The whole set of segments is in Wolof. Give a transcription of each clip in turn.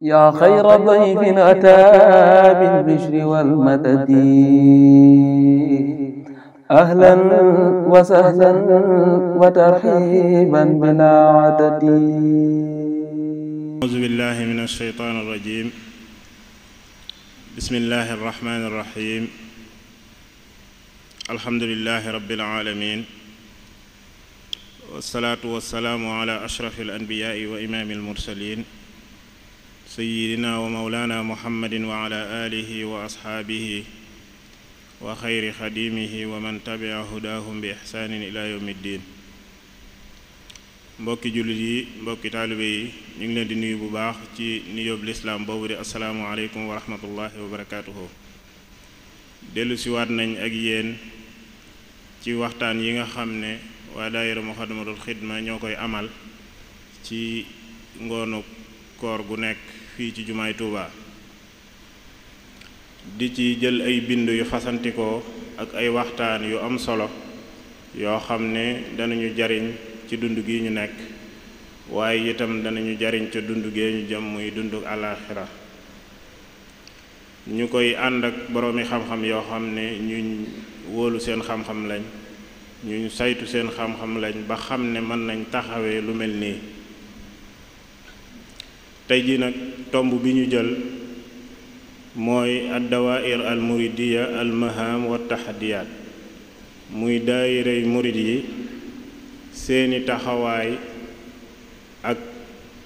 yaa xayra dayfin ataa bil bishri wal madadi ahlan wa sahlan wa tarhiiban bilaa adadi auzu billahi min ash-shaytaani rajim bismillahi rahmaani rahim alhamdulillahi rabbil aalamiin wassalaatu wassalaamu alaa ashrafil anbiyaa'i wa imaamil mursaliin sayyidina wa mawlaana muhammadin wa ala alihi wa asxaabihi wa xayri xadimihi wa man tabia hudaahum bi ixsaanin ila yawmi ddin mbokki jullit yi mbokki taalibe yi ñu ngi leen di nuyu bu baax ci nuyoob lislaam boobu di asalaamu aleykum wa rahmatullahi wa barakaatuhu dellu siwaat nañ ak yéen ci waxtaan yi nga xam ne waa daayira Muxaddamatul Xidma ñoo koy amal ci ngoonu koor gu nekk fii ci jumaay Touba di ci jël ay bind yu fasantikoo ak ay waxtaan yu am solo yoo xam ne danañu jariñ ci dund gi ñu nekk waaye itam danañu jariñ ca dund gee ñu jëm muy dund àllaaxira ñu koy ànd ak boroomi xam-xam yoo xam ne ñuñ wóolu seen xam-xam lañ ñuñ saytu seen xam-xam lañ ba xam ne mën nañ taxawee lu mel nii tey ji nag tomb bi ñu jël mooy addawair al muridiya wa taxadiyaat muy daayiray murid yi seeni taxawaay ak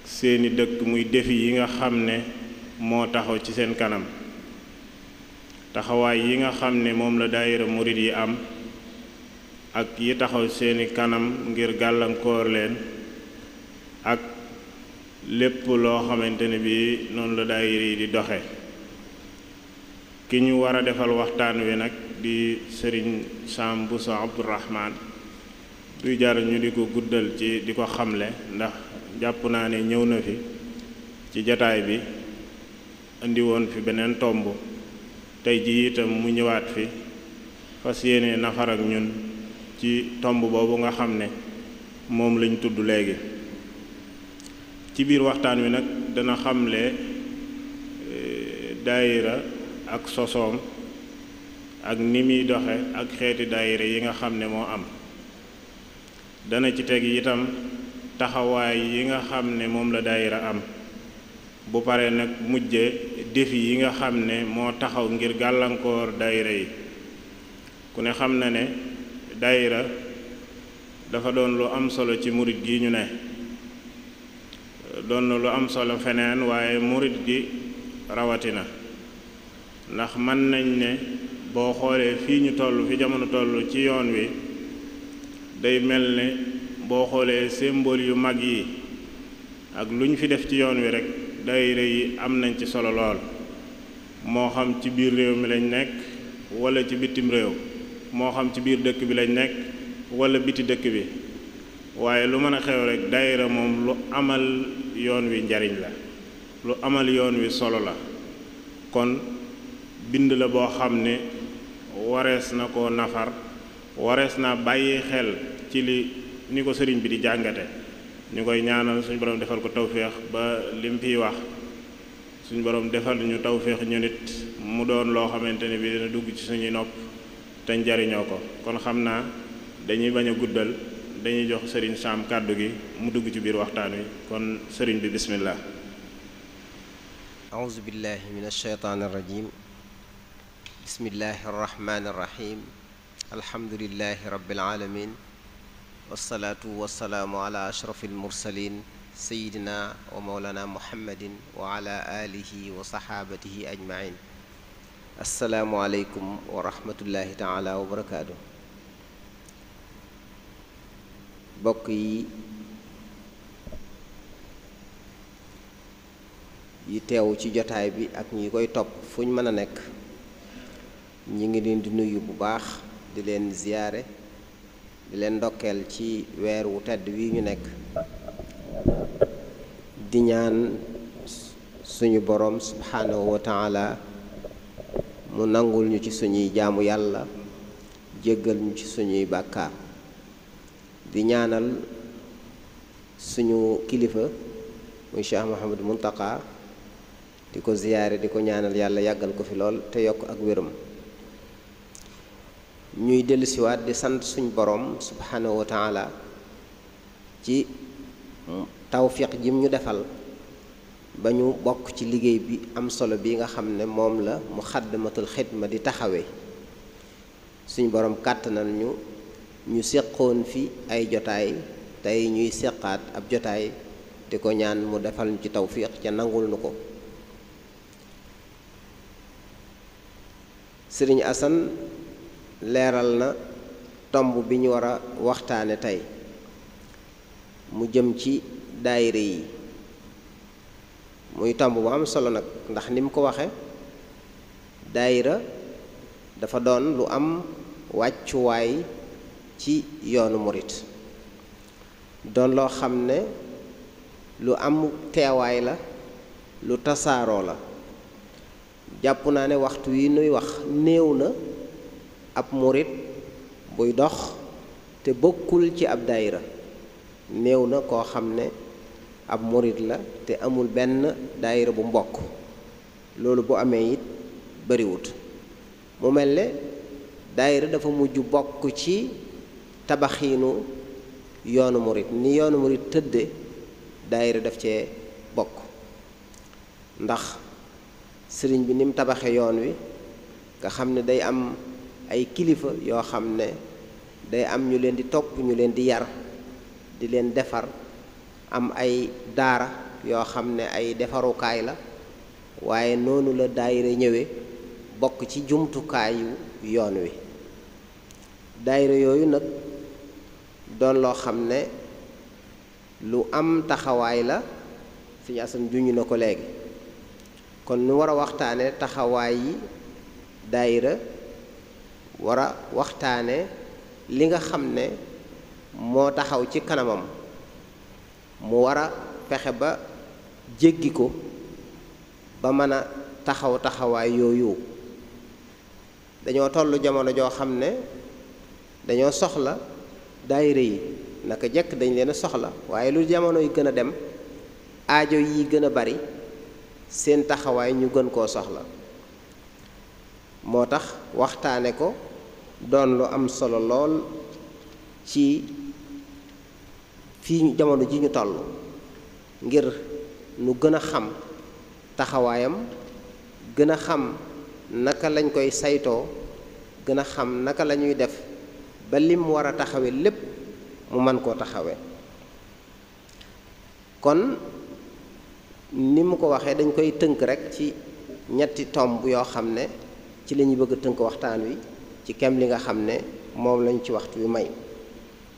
seeni dëkk muy défi yi nga xam ne moo taxaw ci seen kanam taxawaay yi nga xam ne moom la daayira murid yi am ak yi taxaw seeni kanam ngir gàllankoor leen ak lépp loo xamante ne bii noonu la day yi di doxe ki ñu war a defal waxtaan wi nag di sëriñ Sam Bousso Abdourahman duy jar ñu di ko guddal ci di ko xamle ndax jàpp naa ne ñëw na fi ci jataay bi indi woon fi beneen tomb tey ji itam mu ñëwaat fi fas yéene nafar ak ñun ci tomb boobu nga xam ne moom lañ tudd léegi ci biir waxtaan wi nag dana xamle eh, daayira ak sosoom ak ni muy doxe ak xeeti daayira yi nga xam ne moo am dana ci teg itam taxawaay yi nga xam ne moom la daayira am bu pare nag mujje défi yi nga xam ne moo taxaw ngir gàllankoor daayira yi ku ne xam na ne daayira dafa doon lu am solo ci muruj gi ñu ne doon na lu am solo feneen waaye murit gi rawatina ndax mën nañ ne boo xoolee fii ñu toll fi jamono toll ci yoon wi day mel ne boo xoolee symbole yu mag yi ak lu ñu fi def ci yoon wi rek daayira yi am nañ ci solo lool moo xam ci biir réew mi lañ nekk walla ci bitim réew moo xam ci biir dëkk bi lañ nekk wala biti dëkk bi waaye lu mën a xew rek daayira moom lu amal yoon wi njariñ la lu amal yoon wi solo la kon bind la boo xam ne warees na ko nafar warees naa bàyyi xel ci li ni ko sëriñ bi di jàngate ñu koy ñaanal suñu borom defal ko tawféex ba lim fiy wax suñu borom defal ñu tawféex ñu nit mu doon loo xamante ne bi dina dugg ci suñuy nopp te njariñoo ko kon xam naa dañuy bañ a guddal dañuy jox sëriñ Sam kàddu gi mu dugg ci biir waxtaan wi kon sëriñ bi bismillah auzu billahi min alsheytaan irrajim bismillahi arrahmani irrahim alhamdulilahi rabbil alamin wassalaatu wassalaamu ala ashrafil mursalin sayidina wa mawlana muhammadin wa ala alihi wa saxaabatihi ajmain assalaamu aleykum bokk yi yi teew ci jotaay bi ak ñi koy topp fu ñu mën a nekk ñi ngi leen di nuyu bu baax di leen ziyaare di leen ndokkeel ci weer wu tedd wi ñu nekk di ñaan suñu boroom subhanahu mu nangul ñu ci suñuy jaamu yàlla jéggal ñu ci suñuy bàkkaar di ñaanal suñu kilifa muy Cheikh Mouhamadou Mountakha di ko ziyaare di ko ñaanal yàlla yàggal ko fi lool te yokk ak wéram ñuy dellusiwaat di sant suñ boroom subhanahu wa taala ci tawfiq jim ñu defal ba ñu bokk ci liggéey bi am solo bi nga xam ne moom la mu Muxaddamatul Xidma di taxawee suñu boroom kàttanal ñu ñu seqoon fi ay jotaay tey ñuy seqaat ab jotaay di ko ñaan mu defal ñu ci tawfiq ca nangu nu ko sëriñ Asan leeral na tomb bi ñu war a waxtaane tey mu jëm ci daayira yi muy tomb bu am solo nag ndax ni mu ko waxe daayira dafa doon lu am wàccuwaay ci yoonu morit doon loo xam ne lu am teewaay la lu tasaaroo la jàpp naa ne waxtu wi nuy wax néew na ab morit buy dox te bokkul ci ab daayira néew na koo xam ne ab morit la te amul benn daayira bu mbokk loolu bu amee it bariwut mu mel ne daayira dafa mujj bokk ci tabaxiinu yoonu murit ni yoonu murit tëdde daayira def cee bokk ndax sëriñ bi ni mu tabaxe yoon wi nga xam ne day am ay kilifa yoo xam ne day am ñu leen di topp ñu leen di yar di leen defar am ay daara yoo xam ne ay defarukaay la waaye noonu la daayira ñëwee bokk ci jumtukaayu yoon wi daayira yooyu nag doon loo xam ne lu am taxawaay la suñu asan juñu na ko léegi kon nu war a waxtaane taxawaay yi daayira war a waxtaane li nga xam ne moo taxaw ci kanamam mu war a fexe ba jéggi ko ba mën a taxaw taxawaay yooyu dañoo toll jamono joo xam ne dañoo soxla daayira yi naka jekk dañ leen a soxla waaye lu jamono yi gën a dem aajo yi gën a bari seen taxawaay ñu gën koo soxla moo tax waxtaane ko doon lu am solo lool ci fii jamono ji ñu toll ngir nu gën a xam taxawaayam gën a xam naka lañ koy saytoo gën a xam naka lañuy def ba lim war a taxawe lépp mu mën koo taxawe kon ni mu ko waxee dañ koy tënk rekk ci ñetti tomb yoo xam ne ci lañuy bëgg a tënk waxtaan wi ci kem li nga xam ne moom lañ ci waxtu wi may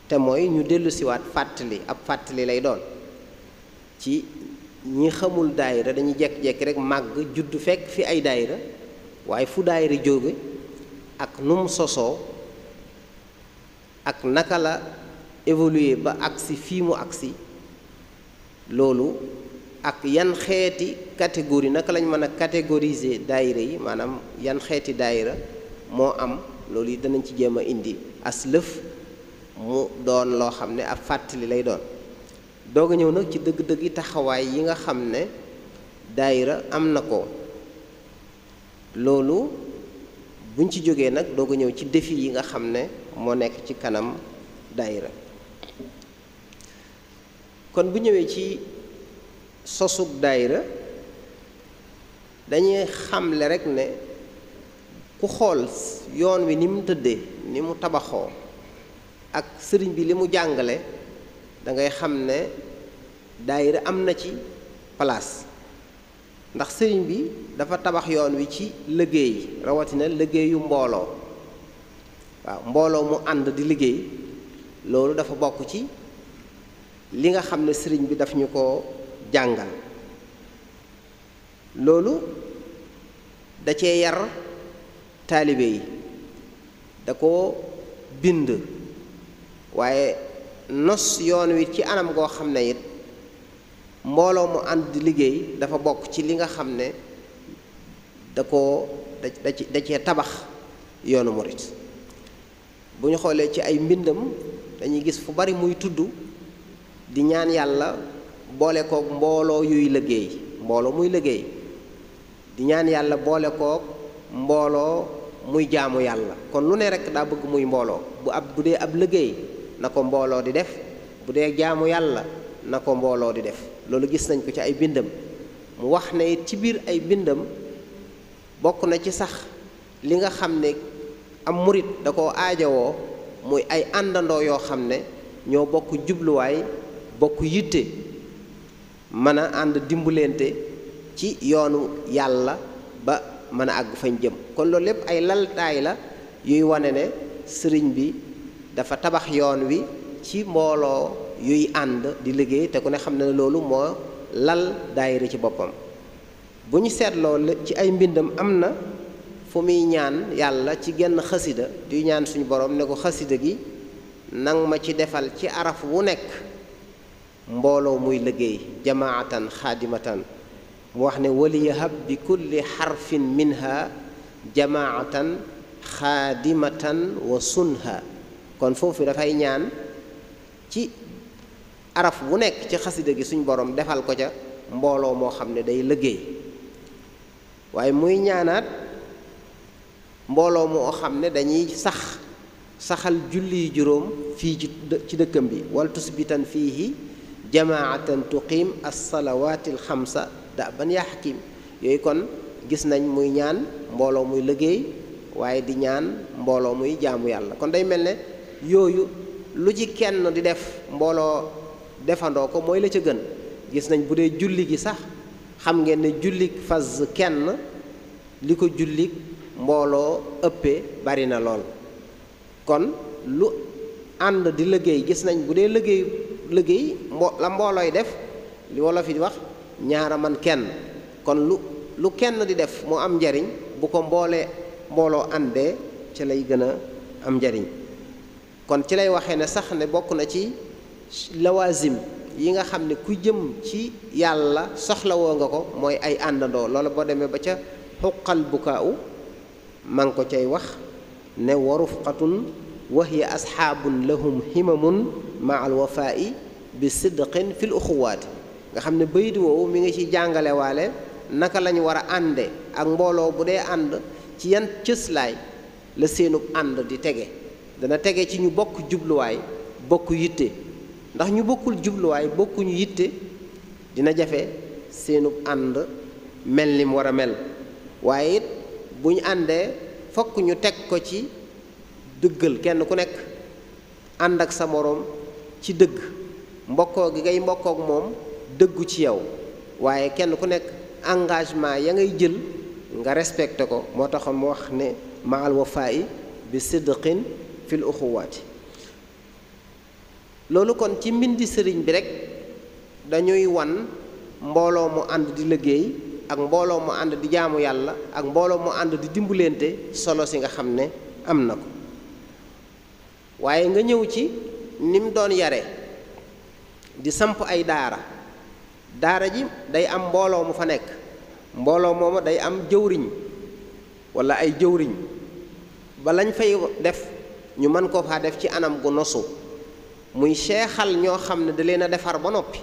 te mooy ñu dellusiwaat fàttali ab fàttali lay doon ci ñi xamul daayira dañuy jekk-jekki rek màgg juddu fekk fi ay daayira waaye fu daayira jóge ak nu mu sosoo ak naka la évoluer ba agsi fii mu agsi loolu ak yan xeeti catégorie naka lañ mën a catégoriser daayira yi maanaam yan xeeti daayira moo am loolu yi danañ ci jéem a indi as lëf mu doon loo xam ne ab fàttali lay doon doog ñëw nag ci dëgg-dëgg yi taxawaay yi nga xam ne daayira am na ko loolu buñ ci jógee nag doog a ñëw ci défi yi nga xam ne moo nekk ci kanam daayira kon bu ñëwee ci sosug daayira dañuy xamle rekk ne ku xool yoon wi ni mu tëddee ni mu tabaxoo ak sëriñ bi li mu jàngale da ngay xam ne dayre am na ci palaas ndax sëriñ bi dafa tabax yoon wi ci liggéey rawatina liggéeyu mbooloo waaw mbooloo mu ànd di liggéey loolu dafa bokk ci li nga xam ne sëriñ bi daf ñu ko jàngal loolu da cee yar taalibe yi da koo bind waaye nos yoon wi ci anam goo xam ne it mbooloo mu ànd di liggéey dafa bokk ci li nga xam ne da koo da da cee tabax yoonu murit bu ñu xoolee ci ay mbindam dañuy gis fu bari muy tudd di ñaan yàlla boole kook mbooloo yuy liggéey mbooloo muy liggéey di ñaan yàlla boole koog mbooloo muy jaamu yàlla kon lu ne rek daa bëgg muy mbooloo bu ab bu dee ab liggéey na ko mbooloo di def bu dee jaamu yàlla na ko mbooloo di def loolu gis nañ ko ci ay bindam mu wax ne ci biir ay mbindam bokk na ci sax li nga xam ne am murit da koo aajowoo muy ay àndandoo yoo xam ne ñoo bokk jubluwaay bokk yitte mën a ànd dimbalante ci yoonu yàlla ba mën a àgg fañ jëm kon loolu lépp ay laltaay la yuy wane ne sëriñ bi dafa tabax yoon wi ci mbooloo yuy ànd di liggéey te ku ne xam ne loolu moo lal daayira ci boppam bu ñu seetloo ci ay mbindam am na fu muy ñaan yàlla ci genn xasida di ñaan suñu borom ne ko gi nang ma ci defal ci araf wu nekk mbooloo muy liggéey jamaatan mu wax ne waliyahab xarfin minha jamaatan xaadimatan wa sunha foofu dafay ñaan ci araf bu nekk ci xasida gi suñ boroom defal ko ca mbooloo moo xam ne day liggéey waaye muy ñaanaat mbooloo moo xam ne dañuy sax saxal julli juróom fii ci ci dëkkam bi wal fii fiihi jamaatan tuqiim alsalawaati alxamsa da ban yaa kiim yooyu kon gis nañ muy ñaan mbooloo muy liggéey waaye di ñaan mbooloo muy jaamu yàlla kon day mel ne yooyu lu ci kenn di def mbooloo defandoo ko mooy la ca gën gis nañ bu dee julli gi sax xam ngeen ne julli fas kenn li ko julli mbooloo ëppee bari na lool kon lu ànd di liggéey gis nañ bu dee liggéey liggéey la mboolooy def li wala fi wax ñaara man kenn kon lu lu kenn di def mu am njariñ bu ko mboolee mbooloo àndee ci lay gën a am njariñ kon ci lay waxee ne sax ne bokk na ci lawaasim yi nga xam ne ku jëm ci yàlla soxlawoo nga ko mooy ay àndandoo loolu boo demee ba ca xuqal bukaaw ma ngi ko cay wax ne wa rufqatun wa hiya asxaabun lahum himamun ma al wafaa'i bi sidqin fi l uxuwaati nga xam ne bayit woowu mi ngi ci jàngalewaale naka lañu war a ànde ak mbooloo bu dee ànd ci yan cëslaay la seenub ànd di tege dana tege ci ñu bokk jubluwaay bokk yitte ndax ñu bokkul jubluwaay bokkuñu yitte dina jafe seenub ànd mel ni mu war a mel waaye it bu ñu àndee fokk ñu teg ko ci dëggal kenn ku nekk ànd ak sa moroom ci dëgg mbokkoo gi ngay mbokkook moom dëggu ci yow waaye kenn ku nekk engagement ya ngay jël nga respecté ko moo tax mu wax ne maal wafaa'i bi sidqin fil uxuwaati loolu kon ci mbindi sëriñ bi rekk dañuy wan mbooloo mu ànd di liggéey ak mbooloo mu ànd di jaamu yàlla ak mbooloo mu ànd di dimbalante solo si nga xam ne am na ko waaye nga ñëw ci ni mu doon yare di samp ay daara daara ji day am mbooloo mu fa nekk mbooloo moomu day am jëwriñ walla ay jëwriñ ba lañ fay def ñu mën koo faa def ci anam gu nosu muy seexal ñoo xam ne da leen a defar ba noppi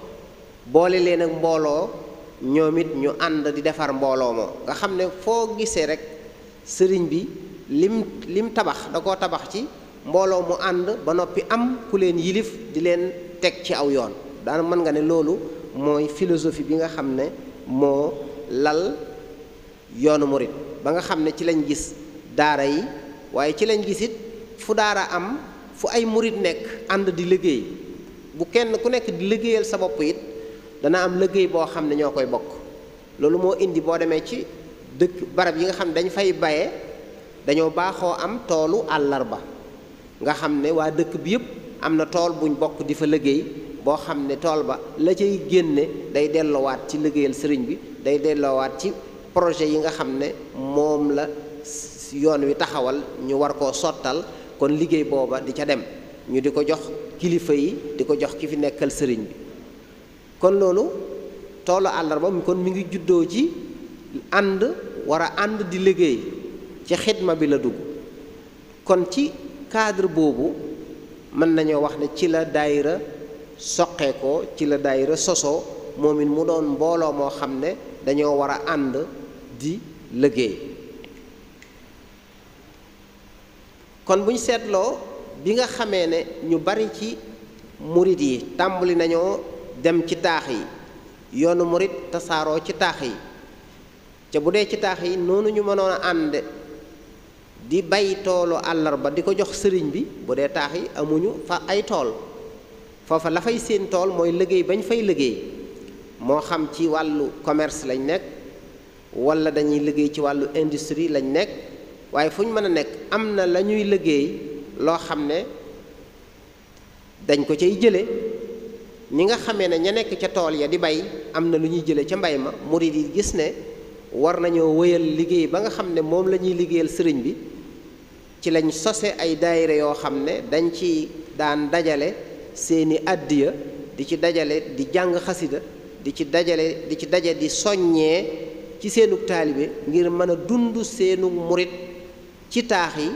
boole leen ak mbooloo ñoom it ñu ànd di defar mbooloo moom nga xam ne foo gisee rek sëriñ bi lim lim tabax da koo tabax ci mbooloo mu ànd ba noppi am ku leen yilif di leen teg ci aw yoon daana mën nga ne loolu mooy philosophie bi nga xam ne moo lal yoonu murit ba nga xam ne ci lañ gis daara yi waaye ci lañ gis it fu daara am fu ay murit nekk ànd di liggéey bu kenn ku nekk di liggéeyal sa bopp it dana am liggéey boo xam ne ñoo koy bokk loolu moo indi boo demee ci dëkk barab yi nga xam ne dañ fay baye dañoo baaxoo am toolu àllarba nga xam ne waa dëkk bi yëpp am na tool buñ bokk di fa liggéey boo xam ne tool ba la cay génne day delloowaat ci liggéeyal sëriñ bi day delloowaat ci projet yi nga xam ne moom la yoon wi taxawal ñu war koo sottal kon liggéey booba di ca dem ñu di ko jox kilifa yi di ko jox ki fi nekkal sëriñ bi kon loolu toolu àllarba kon mu ngi juddoo ci ànd wara ànd di liggéey ci xidma bi la dugg kon ci cadre boobu mën nañoo wax ne ci la daayira soqeekoo ci la daayira sosoo moom it mu doon mbooloo moo xam ne dañoo war a ànd di liggéey kon bu ñu seetloo bi nga xamee ne ñu bari ci murit yi tàmbali nañoo dem ci taax yi yoonu murit tasaaroo ci taax yi ca bu dee ci taax yi noonu ñu mënoon ànd di bay toolu àllarba di ko jox sëriñ bi bu dee taax yi amuñu fa ay tool foofa la fay seen tool mooy liggéey bañ fay liggéey moo xam ci wàllu commerce lañ nekk wala dañuy liggéey ci wàllu industrie lañ nekk waaye fu ñu mën a nekk am na lañuy liggéey loo xam ne dañ ko cay jële ñi nga xamee ne ña nekk ca tool ya di bay am na lu ñuy jëlee ca mbay ma murid yi gis ne war nañoo wéyal liggéey ba nga xam ne moom la ñuy liggéeyal sëriñ bi ci lañ sose ay daayira yoo xam ne dañ ci daan dajale seeni addiya di ci dajale di jàng xasida di ci dajale di ci daje di soññee ci seenug taalibe ngir mën a dund seenu murit ci taax yi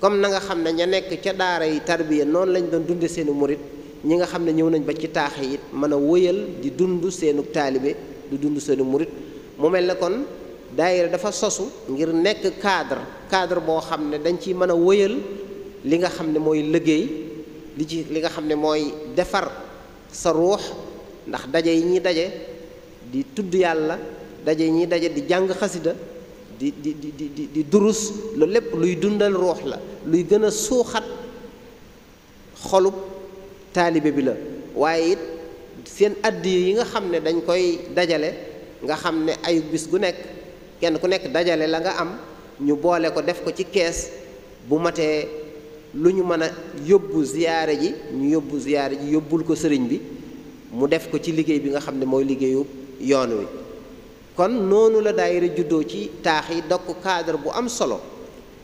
comme na nga xam ne ña nekk ca daara yi tarbiya noonu lañ doon dunde seeni murit ñi nga xam ne ñëw nañ ba ci taax yi it mën a wëyal di dund seenu taalibe du dund seenu murit mu mel na kon dayre dafa sosu ngir nekk cadre cadre boo xam ne dañ ci mën a wëyal li nga xam ne mooy liggéey li ci li nga xam ne mooy defar sa ruux ndax daje yi ñuy daje di tudd yàlla daje yi ñuy daje di jàng xasida di di di durus loolu lépp luy dundal ruux la luy gën a suuxat xolub taalibe bi la waaye it seen addi yi nga xam ne dañ koy dajale nga xam ne ay bis gu nekk kenn ku nekk dajale la nga am ñu boole ko def ko ci kees bu matee lu ñu mën a yóbbu ziyaare ji ñu yóbbu ziyaare ji yóbbul ko sëriñ bi mu def ko ci liggéey bi nga xam ne mooy liggéeyu yoon wi kon noonu la daayira juddoo ci taax yi dokk cadre bu am solo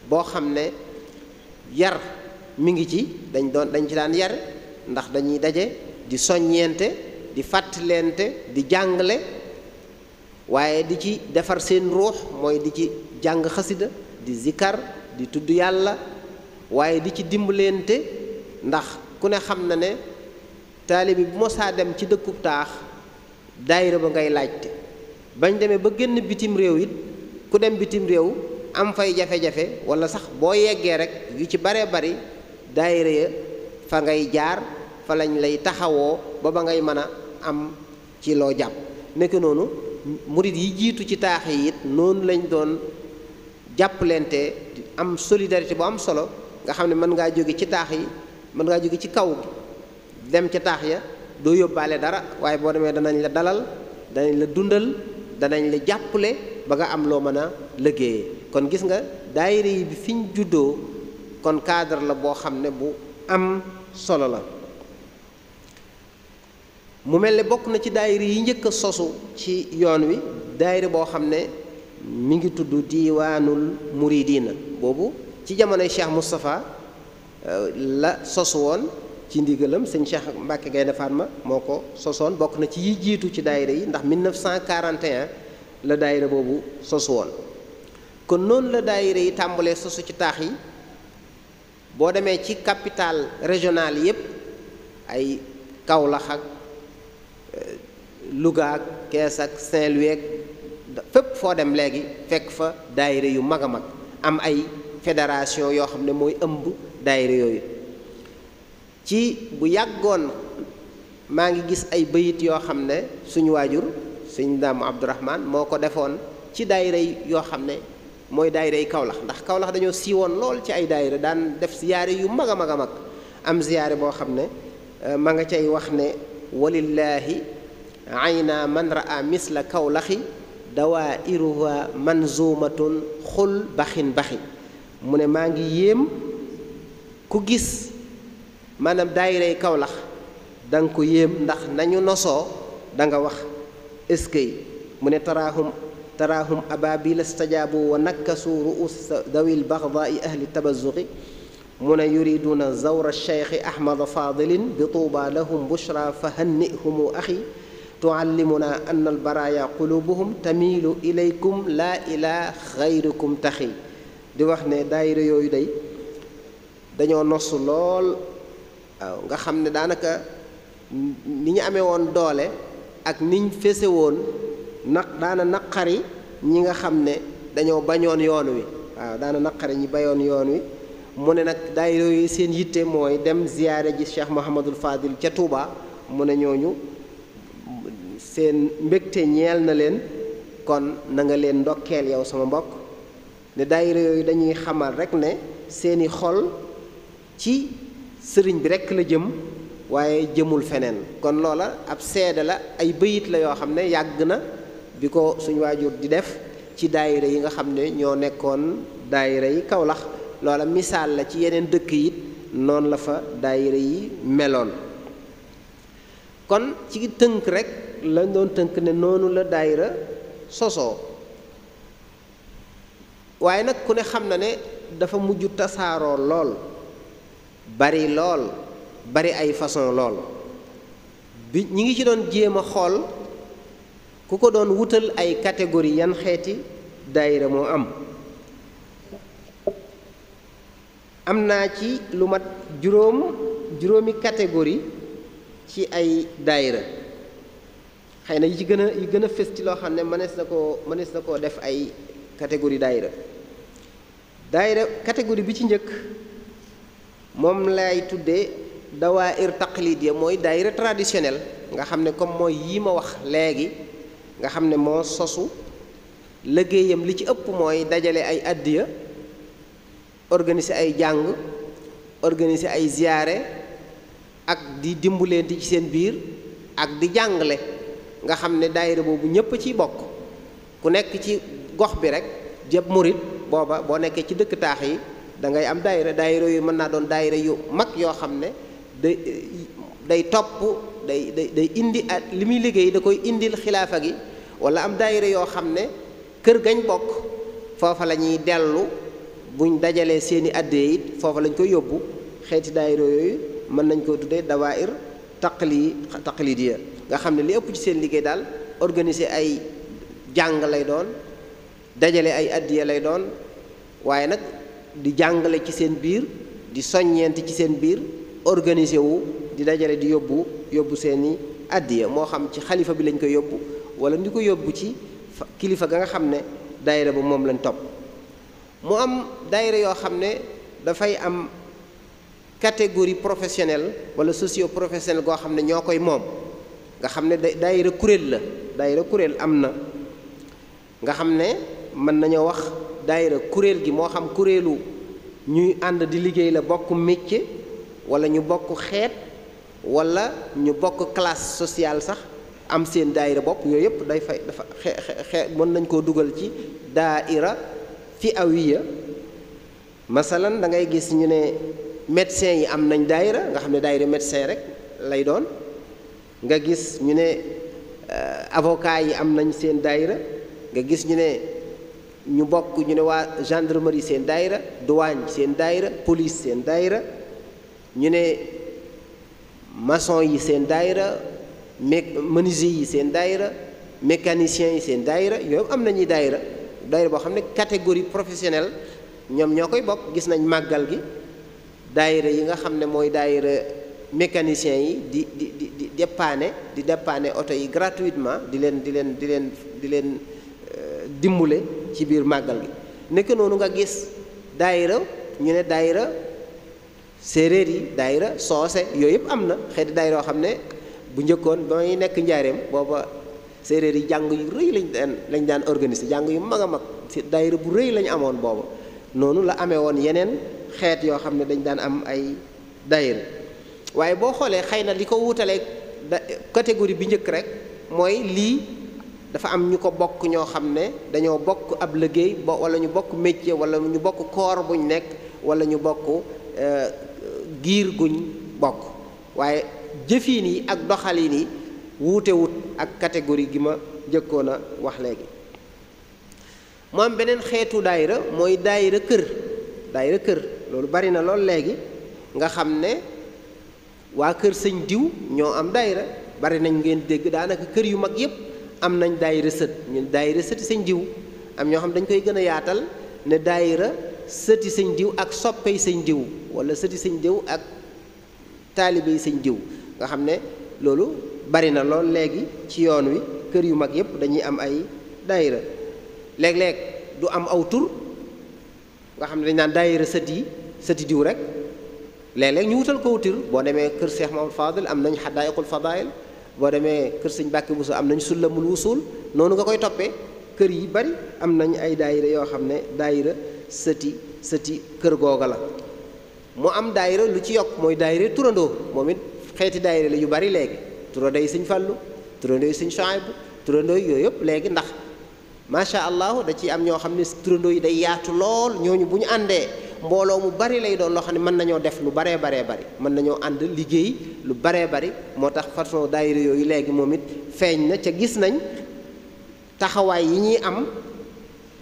boo xam ne yar mu ngi ci dañ doon dañ ci daan yar ndax dañuy daje di soññeente di fàttalente di jàngale waaye di ci defar seen ruux mooy di ci jàng xasida di zikar di tudd yàlla waaye di ci dimbalente ndax ku ne xam na ne taalibi bu mosaa dem ci dëkkub taax daayira ba ngay laajte bañ demee ba génn bitim réew it ku dem bitim réew am fay jafe-jafe wala sax boo yeggee rekk yu ci baree bari daayira ya fa ngay jaar fa lañ lay taxawoo ba ba ngay mën a am ci loo jàpp nekk noonu murit yi jiitu ci taax yi it noonu lañ doon jàppalante am solidarité bu am solo nga xam ne mën ngaa jóge ci taax yi mën ngaa jóge ci kaw dem ca taax ya doo yóbbaale dara waaye boo demee danañ la dalal danañ la dundal danañ la jàppale ba nga am loo mën a liggéeye kon gis nga daayira yi bi fi juddoo kon cadre la boo xam ne bu am solo la mu mel ni bokk na ci daayira yi njëkk a sosu ci yoon wi daayira boo xam ne mu ngi tudd diiwaanul muridiina boobu ci jamonoy Cheikh Moustapha euh, la sosu woon ci ndigalam sëñ Cheikh Mbacke Gaynde ma moo ko sosoon bokk na ci yi jiitu ci daayira yi ndax 1941 la daayira boobu sosu woon kon noonu la daayira yi tàmbalee sosu ci taax yi boo demee ci capital régional yépp ay Kaolack ak euh, Louga ak Kees ak Saint-Louis ak fépp foo dem léegi fekk fa daayira yu mag a mag am ay fédération yoo xam ne mooy ëmb daayira yooyu ci bu yàggoon maa ngi gis ay bëyit yoo xam ne suñu waajur suñu daamu Abdourahman moo ko defoon ci daayira yoo xam ne mooy daayira yi Kaolack ndax Kaolack dañoo siiwoon lool ci ay daayira daan def ziyaare yu mag a mag a mag am ziyaare boo xam ne euh, ma nga cay wax ne walillaahi ayna man raa misla kawlaxi dawaa iruha manzumatun xul baxin baxi mu ne maa ngi yéem ku gis maanaam daayiray kawlax da ko yéem ndax nañu nosoo danga wax eskay mu ne taraahum taraahum ababil stajaabu wa nakkasu ruus dawil baxdaai ahli tabazuqi mu ne yuriduuna zawra cheikhi ahmada fadilin bi tuuba lahum bushra fa hannihumu axi tuallimuna anna albaraya qulubuhum tamiilu ilaykum laa ilaa xayrikum taxi di wax ne daayira yooyu day dañoo nos lool nga xam ne daanaka ni ñu amee woon doole ak niñ fese woon naq daana naqari ñi nga xam ne dañoo bañoon yoon wi waaw daana naqari ñi bayoon yoon wi mu ne nag daayira yooyu seen yitte mooy dem ziyaare ji Cheikh Mouhamadul Fadil ca Touba mu ne ñooñu seen mbégte ñeel na leen kon na nga leen ndokkeel yow sama mbokk ne daayira yooyu dañuy xamal rek ne seeni xol ci sëriñ bi rek la jëm waaye jëmul feneen kon loola ab seede la ay bëyit la yoo xam ne yàgg na bi ko suñu waajur di def ci daayira yi nga xam ne ñoo nekkoon daayira yi Kawlax loola misaal la ci yeneen dëkk yi noonu la fa daayira yi meloon kon ci tënk rekk lañ doon tënk ne noonu la daayira sosoo waaye nag ku ne xam na ne dafa mujj tasaaroo lool bari lool bari ay façon lool bi ñi ngi ci doon jéem a xool ku ko doon wutal ay catégorie yan xeeti daayira moo am am naa ci lu mat juróom juróomi catégorie ci ay daayira xëy na yi ci gën yi gën a fës ci loo xam ne mënees na koo mënees na koo def ay catégorie daayira daayira catégorie bi ci njëkk moom laay lay tuddee dawaayir taqlid ya mooy daayira traditionnel nga xam ne comme mooy yii ma wax léegi nga xam ne moo sosu liggéeyam li ci ëpp mooy dajale ay addiya organiser ay jàng organise ay ziyaare ak di dimbalante ci seen biir ak di jàngale nga xam ne daayira boobu ñépp ciy bokk ku nekk ci gox bi rek jëb murit booba boo nekkee ci dëkk taax yi da am daayira daayira yu mën naa doon daayira yu mag yoo xam ne day day topp day day day indi at li muy liggéey da koy indil xilaafa gi wala am daayira yoo xam ne kër gañ bokk foofa la ñuy dellu buñ dajalee seeni addee it foofa lañ koy yóbbu xeeti daayira yooyu mën nañ koo tuddee dawaayir taqli taqlidiya nga xam ne li ëpp ci seen liggéey daal organiser ay jàng lay doon dajale ay addiya lay doon waaye nag di jàngale ci seen biir di soññeent ci seen biir organiser wu di dajale di yóbbu yóbbu seeni addiya moo xam ci xalifa bi lañ koy yóbbu wala ñu ko yóbbu ci kilifa ga nga xam ne daayira ba moom lañ topp mu am dayre yoo xam ne dafay am catégorie professionnelle wala socio professionnelle goo xam ne ñoo koy moom nga xam ne dayre kuréel la daayira kuréel am na nga xam ne mën nañoo wax daayira kuréel gi moo xam kuréelu ñuy ànd di liggéey la bokk métier wala ñu bokk xeet walla ñu bokk classe sociale sax am seen daaira bopp yooyu yëpp day fay dafa xe xe mën nañ koo dugal ci daaira fi awiya masalan da dangay gis ñu ne médecin yi am nañ daaira nga xam ne daaira médecin rek lay doon nga gis ñu ne euh, avocat yi am nañ seen daaira nga gis ñu ne ñu bokk ñu ne waa gendarmerie seen daaira douane seen daaira police seen daaira ñu ne maçon yi seen daayira mé menuisier yi seen daayira mécanicien yi seen daayira yooyu am nañuy daayira daayira boo xam ne catégorie professionnelle ñoom ñoo koy bokk gis nañ màggal gi daayira yi nga xam ne mooy daayira mécanicien yi di di di di di dépanner oto yi gratuitement di leen di leen di leen di leen euh, dimbale ci biir màggal gi nekk noonu nga gis daayira ñu ne daayira séeréer yi daayira soose yooyu yëpp am na xeeti daayira yoo xam ne bu njëkkoon ba may nekk njaareem booba séeréer yi jàng yu rëy lañ daan lañ daan organiser jàng yu mag a mag si daayira bu rëy lañ amoon booba noonu la amee woon yeneen xeet yoo xam ne dañ daan am ay daayira waaye boo xoolee xëy na li ko wutalee da bi njëkk rek mooy lii dafa am ñu ko bokk ñoo xam ne dañoo bokk ab liggéey bo wala ñu bokk métier wala ñu bokk corps buñ nekk wala ñu bokk euh, giir guñ bokk waaye jëfin yi ak doxalin yi wuute wut ak catégorie gi ma jëkkoon a wax léegi mu am beneen xeetu daayira mooy daayira kër daayira kër loolu bari na lool léegi nga xam ne waa kër sëñ diw ñoo am daayira bari nañ ngeen dégg daanaka kër yu mag yépp am nañ daayira sët ñu daayira sëti sëñ diw am ñoo xam dañ koy gën a yaatal ne daayira sëti sëñ diw ak soppey sëñ diw wala sëti sëñ diw ak taalibe yi sëñ diw nga xam ne loolu bari na lool léegi ci yoon wi kër yu mag yëpp dañuy am ay daayira léeg-léeg du am aw tur nga xam ne dañ naan daayira sët yi sëti diw rek léeg-léeg ñu wutal ko wutur boo demee kër Cheikh Mamadou Fadil am nañ xadaayiqul fadaayil boo demee kër sëñ Bàkki Bousso am nañ sullamul wusul noonu nga koy toppee kër yi bari am nañu ay daayira yoo xam ne daayira sëti sëti kër googa la mu am daayira lu ci yokk mooy daayira turandoo moom it xeeti daayira la yu bari léegi turandoo yi suñ Fallu turandoo yi sëñ Chouaïb turandoo yooyu yëpp léegi ndax macha allah da ciy am ñoo xam ne turandoo yi day yaatu lool ñooñu bu ñu àndee mbooloo mu bari lay doon loo xam ne mën nañoo def lu baree baree bari mën nañoo ànd liggéey lu baree bari moo tax façon daayira yooyu léegi moom it feeñ na ca gis nañ taxawaay yi ñuy am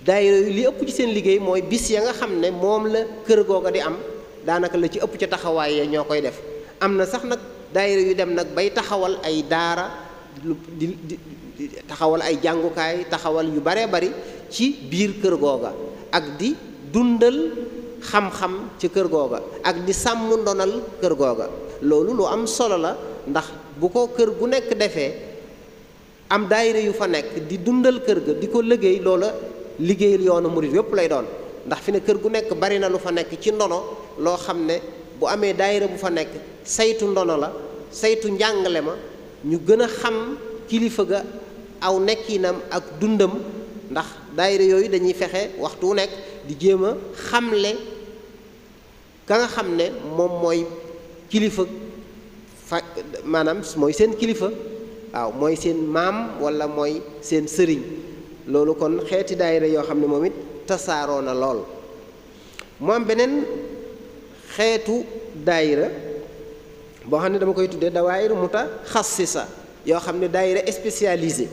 daayira yu li ëpp ci seen liggéey mooy bis ya nga xam ne moom la kër googa di am daanaka la ci ëpp ca taxawaay ya ñoo koy def am na sax nag daayira yu dem nag bay taxawal ay daara lu di taxawal ay jàngukaay taxawal yu baree bari ci biir kër googa ak di dundal xam-xam ci kër googa ak di sàmm ndonal kër googa loolu lu am solo la ndax bu ko kër gu nekk defee am daayira yu fa nekk di dundal kër ga di ko liggéey loola liggéeyal yoonu murit yépp lay doon ndax fi ne kër gu nekk bari na lu fa nekk ci ndono loo xam ne bu amee daayira bu fa nekk saytu ndono la saytu njàngale ma ñu gën a xam kilifa ga aw nekkinam ak dundam ndax daayira yooyu dañuy fexe waxtu wu nekk di jéema a xamle ka nga xam ne moom mooy kilifa fa maanaam mooy seen kilifa waaw mooy seen maam walla mooy seen sëriñ loolu kon xeeti daayira yoo xam ne moom it tasaaroo na lool mu am beneen xeetu daayra boo xam ne dama koy tuddee dawaayir sa yoo xam ne daayira spécialisé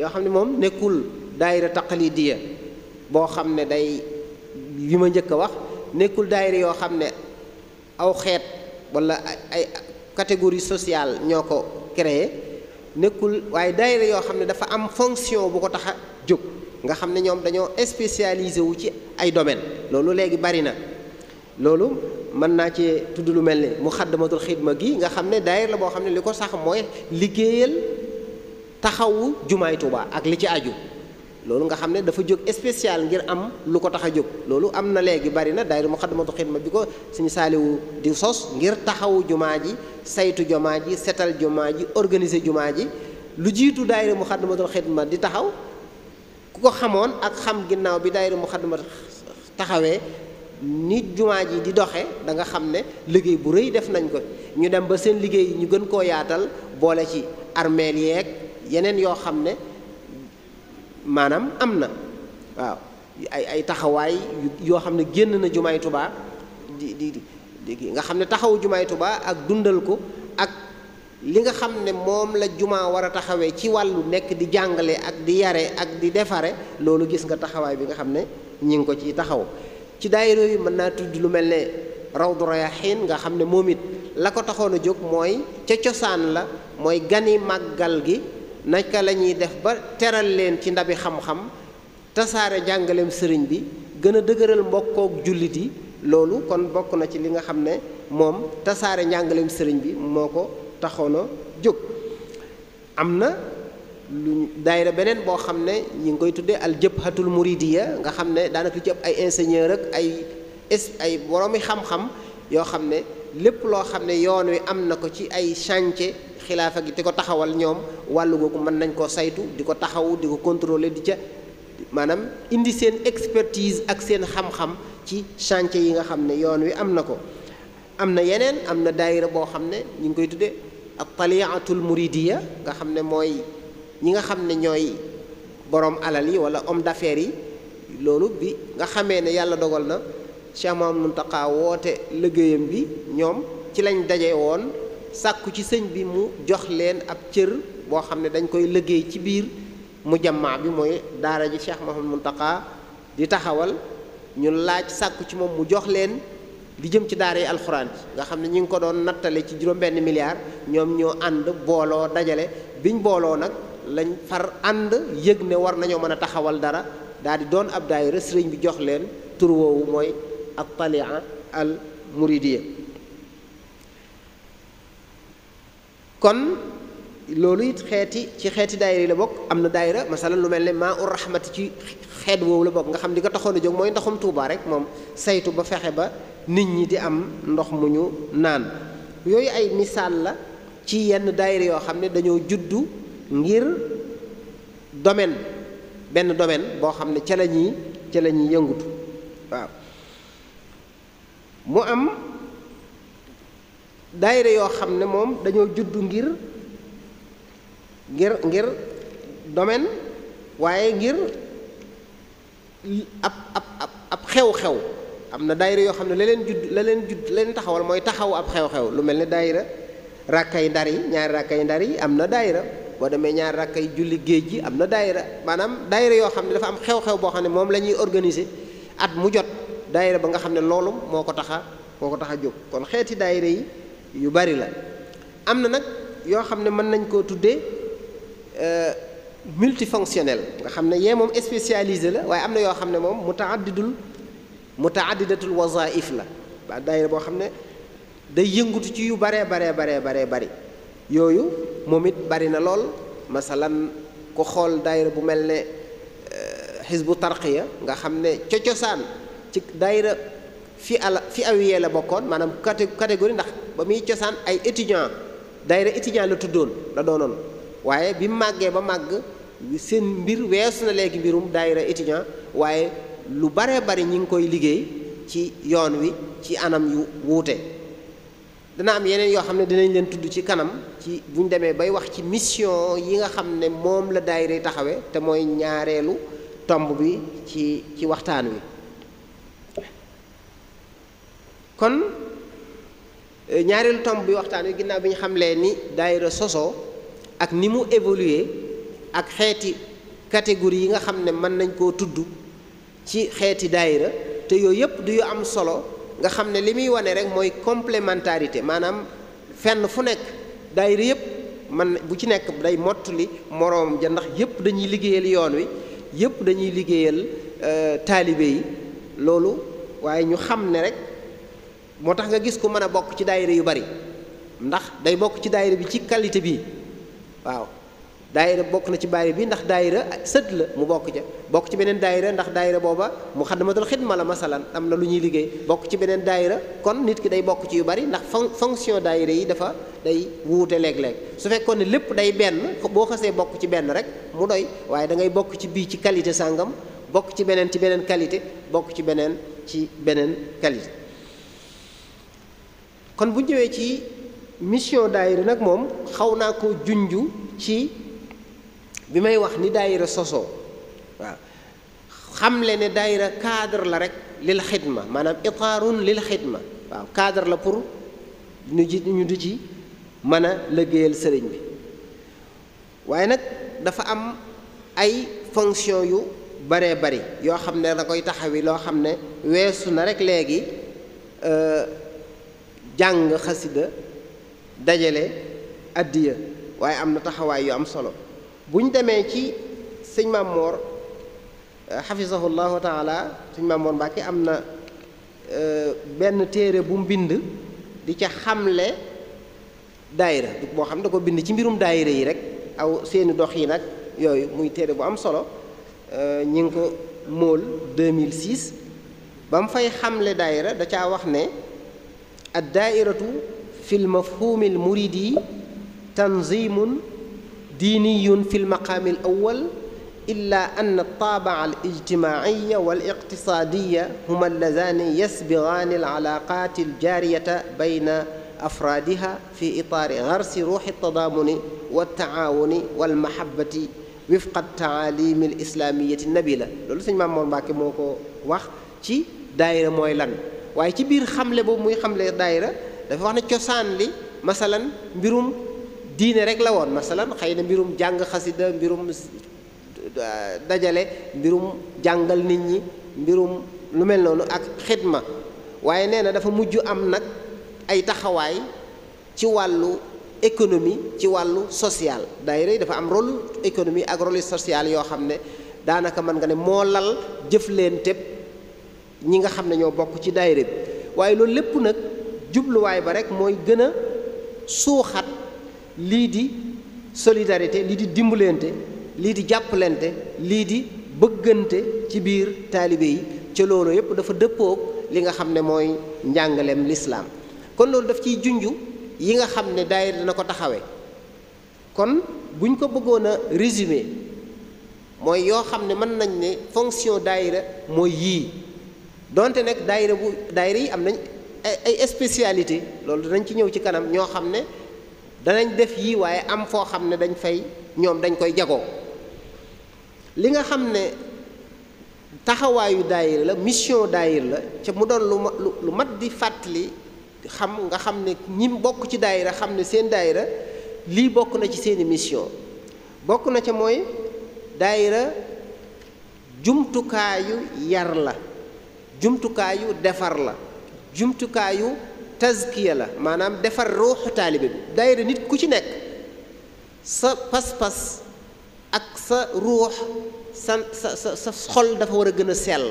yoo xam ne moom nekkul daayira taqalidiya boo xam ne day yi ma njëkk a wax nekkul daayira yoo xam ne aw xeet wala ay catégorie sociale ñoo ko créé nekkul waaye daayira yoo xam ne dafa am fonction bu ko tax a jóg nga xam ne ñoom dañoo spécialisé wu ci ay domaine loolu léegi bari na loolu mën naa cee tudd lu mel ni muxaddamatul xidma gi nga xam ne daayir la boo xam ne li ko sax mooy liggéeyal taxawu jumaay Tuuba ak li ci aju loolu nga xam ne dafa jóg spécial ngir am lu ko tax a jóg loolu am na léegi bari na daayira muxaddamatul xidma bi ko suñu saaliwu di sos ngir taxawu jumaa ji saytu jumaa ji setal jumaa ji organiser jumaa ji lu jiitu daayira muxaddamatul xidma di taxaw ku ko xamoon ak xam ginnaaw bi daayira muxaddamatul taxawee nit jumaa ji di doxe danga xam ne liggéey bu rëy def nañ ko ñu dem ba seen liggéey ñu gën koo yaatal boole ci armeel yeeg yeneen yoo xam ne maanaam am na waaw ay ay taxawaay yoo xam ne génn na jumaay Tuubaa di di di nga xam ne taxawu jumaay Tuubaa ak dundal ko ak li nga xam ne moom la jumaa war a taxawee ci wàllu nekk di jàngale ak di yare ak di defare loolu gis nga taxawaay bi nga xam ne ñi ngi ko ciy taxaw ci daayira yi mën naa tudd lu mel ne raw rawdu rayaxiin nga xam ne moom it la ko taxoon a jóg mooy ca cosaan la mooy gani màggal gi naka lañuy def ba teral leen ci ndabi xam-xam tasaare jàngaleem sëriñ bi gën a dëgëral mbokkook jullit yi loolu kon bokk na ci li nga xam ne moom tasaare njàngaleem sëriñ bi moo ko taxoon a jóg am na lu daayira beneen boo xam ne ñi ngi koy tuddee al jabhatul muridiya nga xam ne daanaka lu ci ay ingénieur ak ay ay boroomi xam-xam yoo xam ne lépp loo xam ne yoon wi am na ko ci ay chantier xilaafa gi di ko taxawal ñoom wàllu googu mën nañ koo saytu di ko taxaw di ko contrôler di ca maanaam indi seen expertise ak seen xam ci chantier yi nga xam ne yoon wi am na ko am na yeneen am na daayira boo xam ne ñu ngi koy tuddee ak taliatul muridiya nga xam ne mooy ñi nga xam ne ñooy boroom alal yi wala homme d'affaires yi loolu bi nga xamee ne yàlla dogal na Cheikh Mouhamadou Mountakha woote liggéeyam bi ñoom ci lañ daje woon sàkku ci sëñ bi mu jox leen ab cër boo xam ne dañ koy liggéey ci biir mu jammaa bi mooy daara ji Cheikh Mouhamadou Mountakha di taxawal ñu laaj sàkku ci moom mu jox leen li jëm ci daara yi alxuraan ji nga xam ne ñi ngi ko doon nattale ci juróom benn ñoom ñoo ànd booloo dajale biñ booloo nag lañ far ànd yëg ne war nañoo mën a taxawal dara daal di doon ab daayira sëriñ bi jox leen tur woowu mooy ak talia al muridiya kon loolu yit xeeti ci xeeti daayira yi la bokk am na daayira masalan lu mel ne maa ur rahmati ci xeet woowu la bokk nga xam di ko taxoon a jóg mooy ndoxum Tuubaa rek moom saytu ba fexe ba nit ñi di am ndox mu ñu naan yooyu ay misaal la ci yenn daayira yoo xam ne dañoo juddu ngir domaine benn domaine boo xam ne ca la ñuy ca la ñuy yëngutu waaw mu am daayira yoo xam ne moom dañoo judd ngir ngir ngir domaine waaye ngir ab ab ab xew-xew am na daayira yoo xam ne la leen judd la leen judd la leen taxawal mooy taxaw ab xew-xew lu mel ni daayira ràkkay ndar yi ñaari ràkkay ndar yi am na daayira boo demee ñaar rakkay julli géej gi am na daayira maanaam daayira yoo xam ne dafa am xew-xew boo xam ne moom la ñuy organiser at mu jot daayira ba nga xam ne loolu moo ko tax a moo ko tax a jóg kon xeeti daayira yi yu bari la am na nag yoo xam ne mën nañ koo tuddee euh, multifonctionnel nga xam ne yee moom spécialisé la waaye am na yoo xam ne moom mu mu mutaaddidul mutaaddidatul wazaif la ba daayira boo xam ne day yëngutu ci yu baree baree baree baree bari yooyu moom it bari na lool masalan ku xool daayira bu mel ne xisbu eh, tarqiya nga xam ne cocosaan ci daayira fi ala fi awiyee la bokkoon maanaam catégorie ndax ba muy cosaan ay étudiant daayira étudiant la tuddoon la doonoon waaye bi màggee ba màgg seen mbir wees na léegi mbirum daayira étudiant waaye lu baree bari ñi ngi koy liggéey ci yoon wi ci anam yu wuute dana am yeneen yoo xam ne dinañ leen tudd ci kanam ci buñ demee bay wax ci mission yi nga xam ne moom la daayira taxawe te mooy ñaareelu tomb bi ci ci waxtaan wi kon euh, ñaareelu tomb bi waxtaan ginnaaw bi ñu xamlee ni daayira soso ak ni mu évoluer ak xeeti catégorie yi nga xam ne mën nañ koo tudd ci xeeti dayra te yooyu yëpp du yu am solo nga xam ne li muy wane rek mooy complémentarité maanaam fenn fu nekk daayira yëpp man bu ci nekk day mottali moroom ja ndax yëpp dañuy liggéeyal yoon wi yëpp dañuy liggéeyal euh, taalibe yi loolu waaye ñu xam ne rek moo tax nga gis ku mën a bokk ci daayira yu bari ndax day bokk ci daayira bi ci qualité bi waaw daayira bokk na ci baay bi ndax daayira sët la mu bokk ca bokk ci beneen daayira ndax daayira booba mu ma dal xaddamatul ma la masalan am na lu ñuy liggéey bokk ci beneen daayira kon nit ki day bokk ci yu bari ndax fon fonction daayira yi dafa day wuute léeg-léeg su fekkoon ne lépp day benn boo xasee bokk ci benn rek mu doy waaye dangay bokk ci bii ci qualité sàngam bokk ci beneen ci beneen qualité bokk ci beneen ci beneen qualité kon bu ñëwee ci mission daayira nag moom xaw naa ko junju ci bi may wax ni daayira sosoo waaw xamle ne daayira cadre la rek lil xidma maanaam itaarun lil xidma waaw cadre la pour ñu ji ñu di ci mën a liggéeyal sëriñ bi waaye nag dafa am ay fonction yu baree bari yoo xam ne da koy taxawi loo xam ne weesu na rek léegi euh, jàng xasida dajale addiya waaye am na taxawaay yu am solo bu ñu demee ci sëñ Maam Moor euh, xafisahullahu taala sëñ Maam Moor am na euh, benn téere bu mu bind di ca xamle daayira boo xam da ko bind ci mbirum daayira yi rek aw seeni dox yi nag yooyu muy téere bu am solo euh, ñi ngi ko móol 2006 ba mu fay xamle daayira da caa wax ne ad daairatu fi l muridi tanzimun diiniyun fi lmaqaami al awal illa ann altaabaca al ijtimaciya wal iqtisaadiya huma alladaani yasbigaani alcalaaqaati aljaariyata bayna afraadiha fi itaari garsi ruuxi altadaamuni waltacaawuni walmahabati wifqa altaalimi alislaamiyati nabila loolu sëñ Maam Mor Mbàkke moo ko wax ci daayira mooy lan waaye ci biir xamle boobu muy xamle daayira dafa wax ne cosaan li masalan mbirum diine rek la woon masalan xëy na mbirum jàng xasida mbirum dajale mbirum jàngal nit ñi mbirum lu mel noonu ak xidma waaye nee na dafa mujj am nag ay taxawaay ci wàllu économie ci wàllu social daayira yi dafa am rôle économie ak rôle social yoo xam ne daanaka mën nga ne moo lal jëf leen tëb ñi nga xam ne ñoo bokk ci daayira bi waaye loolu lépp nag jubluwaay ba rek mooy gën a suuxat lii di solidarité lii di dimbalante lii di jàppalante lii di bëggante ci biir taalibe yi ca loolu yépp dafa dëppook li nga xam ne mooy njàngaleem lislaam kon loolu daf ciy junju yi nga xam ne daayira dina ko taxawee kon buñ ko bëggoon a résumer mooy yoo xam ne mën nañ ne fonction daayira mooy yii donte nag daayira bu daayira yi am nañ ay spécialité loolu dinañ ci ñëw ci kanam ñoo xam ne danañ def yii waaye am foo xam ne dañ fay ñoom dañ koy jagoo li nga xam ne taxawaayu daayir la mission daayir la ca mu doon lu ma lu mat di fàttali xam nga xam ne ñi bokk ci daayira xam ne seen daayira lii bokk na ci seeni mission bokk na ca mooy daayira jumtukaayu yar la jumtukaayu defar la jumtukaayu tazkiya la maanaam defar ruuxu taalibe bi daayira nit ku ci nekk sa pas-pas ak sa ruux sa sa sa sa xol dafa war a gën a sell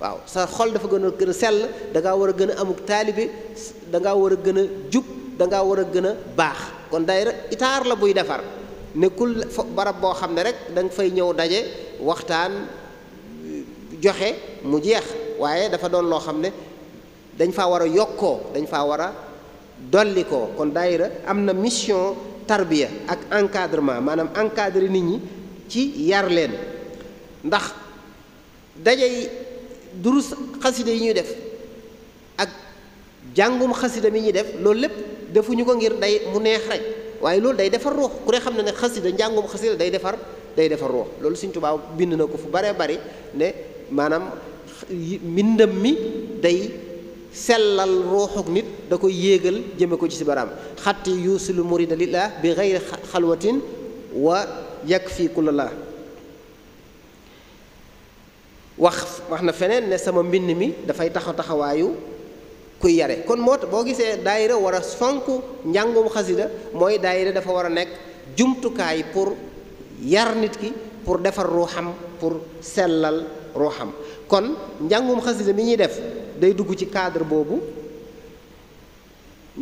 waaw sa xol dafa gën a gën a sell da ngaa war a gën a amuk taalibe da ngaa war a gën a jub da ngaa war a gën a baax kon daayira itaar la buy defar nekkul barab boo xam ne rek danga fay ñëw daje waxtaan joxe mu jeex waaye dafa doon loo xam ne dañ faa war a yokkoo dañ fa war a dolli ko kon daayira am na mission tarbiya ak encadrement maanaam encadrer nit ñi ci yar leen ndax dajay durus xasida yi ñuy def ak jàngum xasida mi ñuy def loolu lépp defuñu ko ngir day mu neex rek waaye loolu day defar ruux ku ne xam ne ne xasida njàngum xasida day defar day defar ruux loolu Sëriñ Tuubaa bind na ko fu baree bari ne maanaam mbindam mi day sellal ruuxuk nit da koy yéegal jëme ko ci si baraam xatti yuusilu murida lillah bi xeyri xalwatin wa yakfi kulla la wax wax na feneen ne sama mbind mi dafay taxaw taxawaayu kuy yare kon moo boo gisee daayira war a fonk njàngum xasida mooy daayira dafa war a nekk jumtukaay pour yar nit ki pour defar ruuxam pour sellal ruuxam kon njàngum xasida mi ñuy def day dugg ci cadre boobu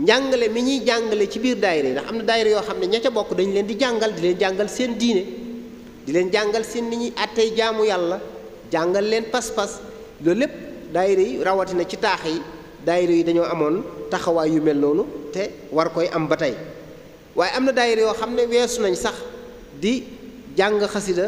njàngale mi ñuy jàngale ci biir daayira yi ndax am na daayira yoo xam ne ña ca bokk dañ leen di jàngal di leen jàngal seen diine di leen jàngal seen ni ñuy àttey jaamu yàlla jàngal leen pas-pas loolu lépp daayira yi rawatina ci taax yi daayira yi dañoo amoon taxawaay yu mel noonu te war koy am ba tey waaye am na daayira yoo xam ne weesu nañ sax di jàng xasida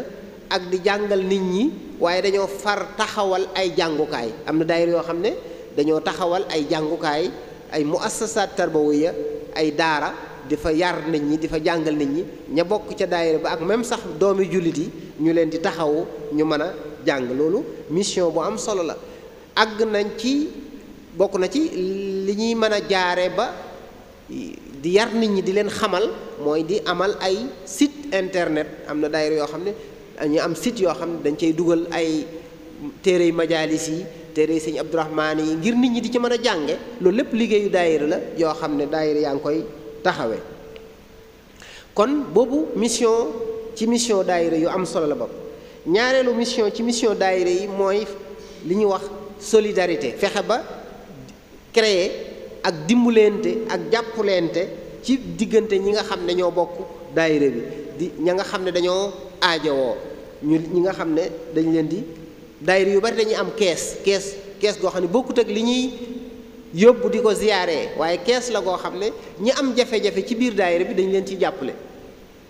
ak di jàngal nit ñi waaye dañoo far taxawal ay jàngukaay am na daayira yoo xam ne dañoo taxawal ay jàngukaay ay mu muassasaat tarbawiya ay daara di yar nit ñi di fa jàngal nit ñi ña bokk ca daayira ba ak même sax doomi jullit yi ñu leen di taxawu ñu mën a jàng loolu mission bu am solo la àgg nañ ci bokk na ci li ñuy mën a jaare ba di yar nit ñi di leen xamal mooy di amal ay sit internet am na daayira yoo xam ne ñu am site yoo xam ne dañ cay dugal ay téere majaalis yi téere sëñ Abdourahmaan yi ngir nit ñi di ci mën a jànge loolu lépp liggéeyu daayira la yoo xam ne daayira yaa ngi koy taxawee kon boobu mission ci mission daayira yu am solo la bopp ñaareelu mission ci mission daayira yi mooy li ñuy wax solidarité fexe ba créer ak dimbalante ak jàppalante ci diggante ñi nga xam ne ñoo bokk daayira bi ña nga xam ne dañoo aajowoo ñu ñi nga xam ne dañ leen di daayira yu bari dañuy am kees kees kees goo xam ne bokkut ak li ñuy yóbbu di ko ziyaare waaye kees la goo xam ne ñi am jafe-jafe ci biir daayira bi dañ leen ciy jàppale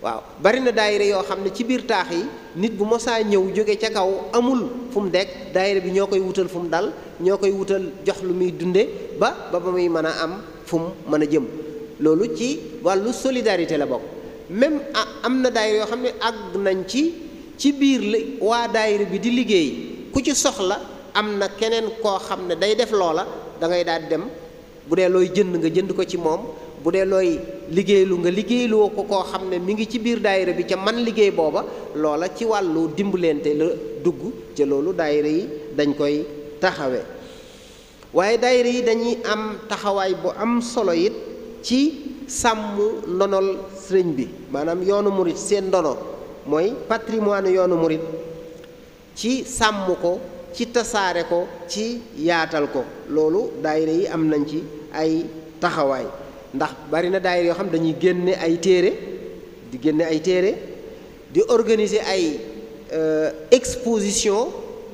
waaw bari na daayira yoo xam ne ci biir taax yi nit bu mosaa ñëw jóge ca kaw amul fu mu dekk daayira bi ñoo koy wutal fu mu dal ñoo koy wutal jox lu muy dunde ba ba ba muy mën a am fu mën a jëm loolu ci wàllu solidarité la bokk même am na daayira yoo xam ne àgg nañ ci ci biir waa daayira bi di liggéey ku ci soxla am na keneen koo xam ne day def loola dangay ngay daal di dem bu dee looy jënd nga jënd ko ci moom bu dee looy liggéeylu nga liggéeyloo ko koo xam ne mu ngi ci biir daayira bi ca man liggéey booba loola ci wàllu dimbalante la dugg ca loolu daayira yi dañ koy taxawe waaye daayira yi dañuy am taxawaay bu am solo it ci sàmm ndonol sëriñ bi maanaam yoonu murit seen ndono mooy patrimoine yoonu murit ci sàmm ko ci tasaare ko ci yaatal ko loolu daayira yi am nañ ci ay taxawaay ndax bari na daayira yoo xam dañuy génne ay téere di génne ay téere di organise ay euh, exposition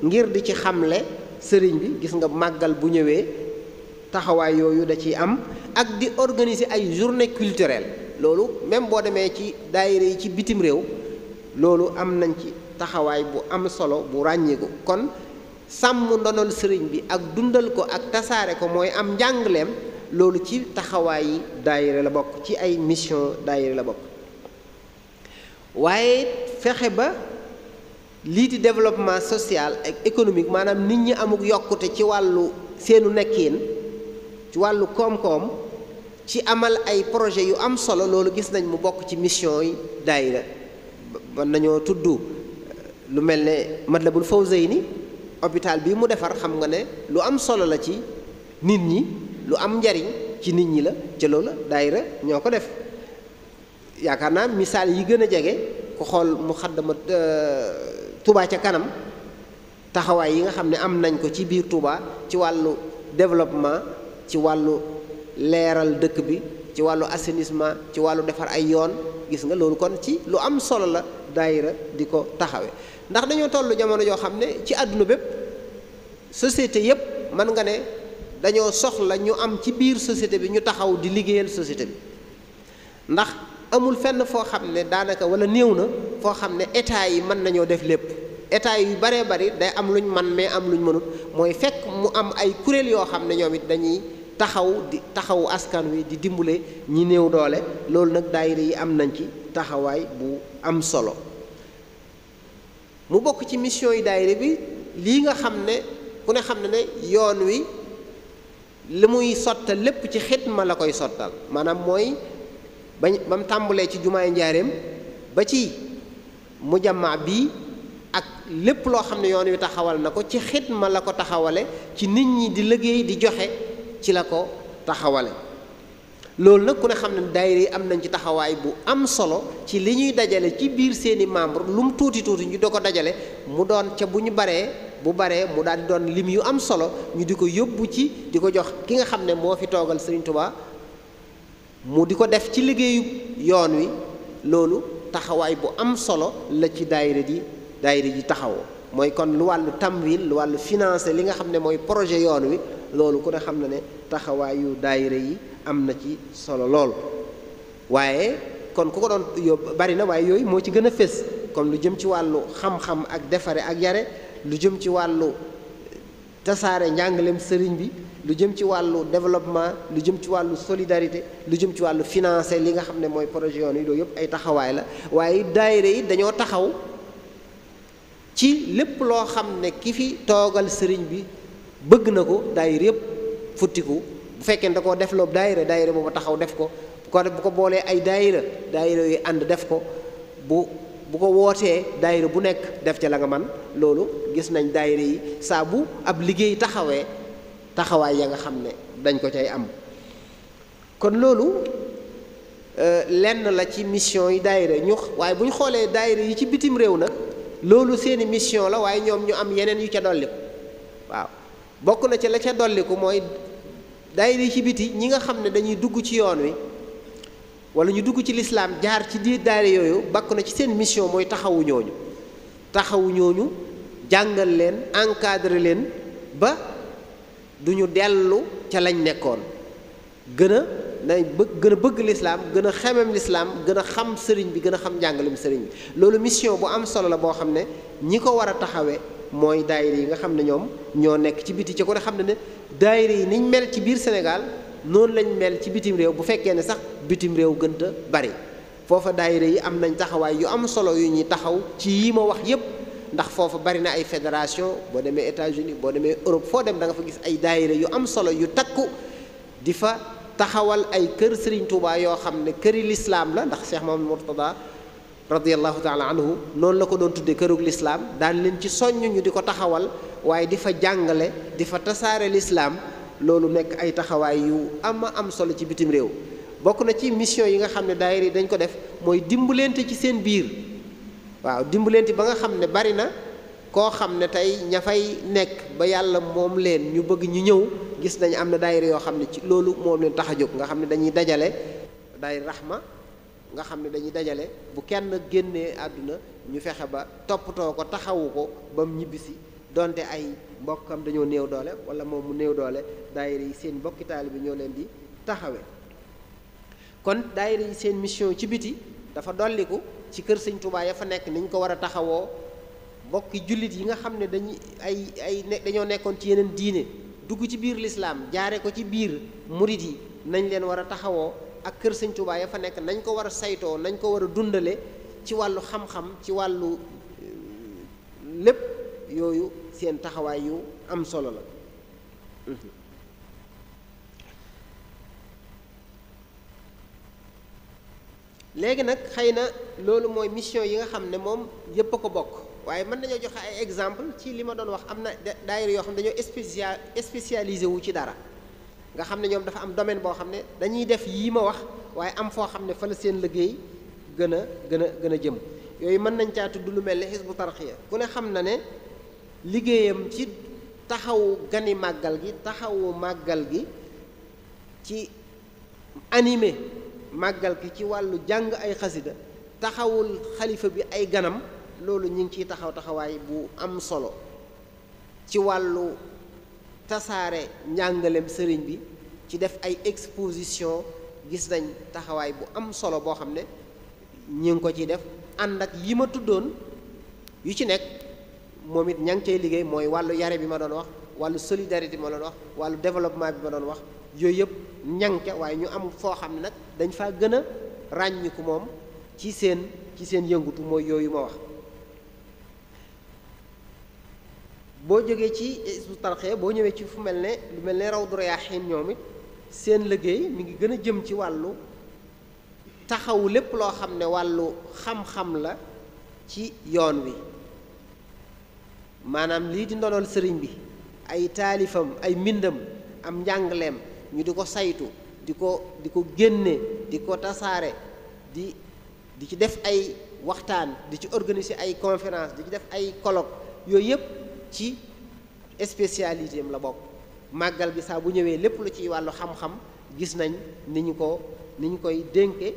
ngir di ci xamle sëriñ bi gis nga màggal bu ñëwee taxawaay yooyu da ciy am ak di organiser ay journée culturelle loolu même boo demee ci daayira yi ci bitim réew loolu am nañ ci taxawaay bu am solo bu ràññeeku kon sàmm ndonol sëriñ bi ak dundal ko ak tasaare ko mooy am njàngleem loolu ci taxawaay yi daayira la bokk ci ay mission daayira la bokk waaye fexe ba lii di développement social ak économique maanaam nit ñi amuk yokkute ci wàllu seenu nekkin ci wàllu koom-koom ci amal ay projet yu am solo loolu gis nañ mu bokk ci mission yi daayira ba nañoo tudd euh, lu mel ne bul Matlaboul ni hôpital bii mu defar xam nga ne lu am solo la ci nit ñi lu am njariñ ci nit ñi la ca loolu daayira ñoo ko def yaakaar naa missaal yi gën a jege ku xool mu xaddama euh, Touba ca kanam taxawaay yi nga xam ne am nañ ko ci biir Touba ci wàllu développement ci wàllu leeral dëkk bi ci wàllu assainissement ci wàllu defar ay yoon gis nga loolu kon ci lu am solo la daayira di ko taxawe ndax dañoo tollu jamono joo xam ne ci àdduna bépp société yépp mën nga ne dañoo soxla ñu am ci biir société bi ñu taxaw di liggéeyal société bi ndax amul fenn foo xam ne daanaka wala néew na foo xam ne état yi mën nañoo def lépp état yu baree bari day am luñ man mais am luñ mënut mooy fekk mu am ay kuréel yoo xam ne ñoom it dañuy taxaw di taxawu askan wi di dimbale ñi néew doole loolu nag daayira yi am nañ ci taxawaay bu am solo mu bokk ci mission yi daayira bi lii nga xam ne ku ne xam ne ne yoon wi li muy sottal lépp ci ma la koy sottal maanaam mooy bañ ba mu tàmbalee ci jumaay njaareem ba ci mujamma bii ak lépp loo xam ne yoon wi taxawal na ko ci xitma la ko taxawale ci nit ñi di liggéey di joxe ci la ko taxawale loolu nag ku ne xam ne daayira yi am nañ ci taxawaay bu am solo ci li ñuy dajale ci biir seeni membre lum mu tuuti tuuti ñu da ko dajale mu doon ca bu ñu baree bu baree mu daal di doon lim yu am solo ñu di ko yóbbu ci di ko jox ki nga xam ne moo fi toogal Serigne Touba mu di ko def ci liggéeyu yoon wi loolu taxawaay bu am solo la ci daayira ji daayira ji taxawoo mooy kon lu wàllu tamwil lu wàllu financé li nga xam ne mooy projet yoon wi loolu ku ne xam na ne taxawaayu daayira yi am na ci solo lool waaye kon ku ko doon yo bari na waaye yooyu moo ci gën a fés comme lu jëm ci wàllu xam-xam ak defare ak yare lu jëm ci wàllu tasaare njàngaleem sëriñ bi lu jëm ci wàllu développement lu jëm ci wàllu solidarité lu jëm ci wàllu financé li nga xam ne mooy projet yoon yi loolu yëpp ay taxawaay la waaye dayre yi dañoo taxaw ci lépp loo xam ne ki fi toogal sëriñ bi bëgg na ko daayira yëpp futtiku bu fekkee ne koo def loob dayre daayira boobu taxaw def ko bu ko bu ko boolee ay dayre dayre yu ànd def ko bu bu ko wootee daayira bu nekk def ci la nga man loolu gis nañ daayira yi saabu ab liggéey taxawee taxawaay ya nga xam ne dañ ko cay am kon loolu euh, lenn la ci mission yi daayira ñu waaye bu ñu xoolee daayira yi ci bitim réew nag loolu seeni mission la waaye ñoom ñu am yeneen yu ca dolli ko waaw bokk na ca la ca dolliku mooy daayira ci biti ñi nga xam ne dañuy dugg ci yoon wi wala ñu dugg ci lislaam jaar ci diir daayira yooyu bokk na ci seen mission mooy taxawu ñooñu taxawu ñooñu jàngal leen encadrer leen ba du ñu dellu ca lañ nekkoon gën a nañ bëgg gën a bëgg lislaam gën a xemem lislaam gën a xam sëriñ bi gën a xam njàngalem sëriñ bi loolu mission bu am solo la boo xam ne ñi ko war a taxawee mooy daayira yi nga xam ne ñoom ñoo nekk ci biti ci ko xam ne ne daayira yi niñ mel ci biir Sénégal noonu lañ mel ci bitim réew bu fekkee ne sax bitim réew gënt bari foofa daayira yi am nañ taxawaay yu am solo yu ñuy taxaw ci yii ma wax yépp ndax foofa bari na ay fédération boo demee États-Unis boo demee Europe foo dem da nga fa gis ay daayira yu am solo yu takku di fa taxawal ay kër Serigne Touba yoo xam ne këri lislaam la ndax Cheikh Mamadou Mourtada radiallahu taala anhu noonu la ko doon tudde kërug lislaam daan leen ci soññ ñu di ko taxawal waaye di fa jàngale di fa tasaare lislaam loolu nekk ay taxawaay yu ama am solo ci bitim réew bokk na ci mission yi nga xam ne daayira yi dañ ko def mooy dimbalante ci seen biir waaw dimbalante ba nga xam ne bari na koo xam ne tey ña fay nekk ba yàlla moom leen ñu bëgg ñu ñëw gis nañ am na daayira yoo xam ne ci loolu moom leen tax a jóg nga xam ne dañuy dajale nga xam ne dañuy dajale bu kenn génnee àdduna ñu fexe ba toppatoo ko taxawu ko ba ñibbisi donte ay mbokkam dañoo néew doole wala moom mu néew doole daayira yi seen mbokki taalibe ñoo leen di taxawe kon daayira yi seen mission ci biti dafa dolliku ci kër sëñ Touba ya fa nekk ni ñu ko war a taxawoo mbokki jullit yi nga xam ne dañuy ay ay dañoo nekkoon ci yeneen diine dugg ci biir lislaam jaare ko ci biir murit yi nañ leen war a taxawoo ak kër sëñ Tuubaa ya fa nekk nañ ko war a saytoo nañ ko war a dundale ci wàllu xam-xam ci wàllu euh, lépp yooyu seen taxawaay yu am solo la léegi nag xëy na loolu mooy mission yi nga xam ne moom yépp a ko bokk waaye mën nañoo joxe ay exemple ci li ma doon wax am na daayira yoo xam ne dañoo spécial spécialisé wu ci dara nga xam ne ñoom dafa am domaine boo xam ne dañuy def yii ma wax waaye am foo xam ne fa la seen liggéey gën a gën a gën a jëm yooyu mën nañ caa tudd lu mel ne xisbu tarxiya ku ne xam na ne liggéeyam ci taxawu gani màggal gi taxawu màggal gi ci animé màggal gi ci wàllu jàng ay xasida taxawul xalifa bi ay ganam loolu ñu ngi ciy taxaw taxawaay bu am solo ci wàllu tasaare njàngaleem sëriñ bi ci def ay exposition gis nañ taxawaay bu am solo boo xam ne ñi ngi ko ciy def ànd ak yi ma tuddoon yu ci nekk moom it ña ngi cay liggéey mooy wàllu yare bi ma doon wax wàllu solidarité bi ma doon wax wàllu développement bi ma doon wax yooyu yëpp ñang ca waaye ñu am foo xam ne nag dañ faa gën a ràññiku moom ci seen ci seen yëngutu mooy yooyu ma wax boo jógee ci Hizbut Tarqiyyah boo ñëwee ci fu mel ne lu mel ne Rawdu Rayaahiin ñoom it seen liggéey mi ngi gën a jëm ci wàllu taxawu lépp loo xam ne wàllu xam-xam la ci yoon wi maanaam lii di ndonol sëriñ bi ay taalifam ay mbindam am njàngaleem ñu di ko saytu di ko di ko génne di ko tasaare di di ci def ay waxtaan di ci organiser ay conférence di ci def ay colloque yooyu yëpp ci spécialité am la bokk màggal bi saa bu ñëwee lépp lu ci wàllu xam-xam gis nañ ni ñu ko ni ñu koy dénke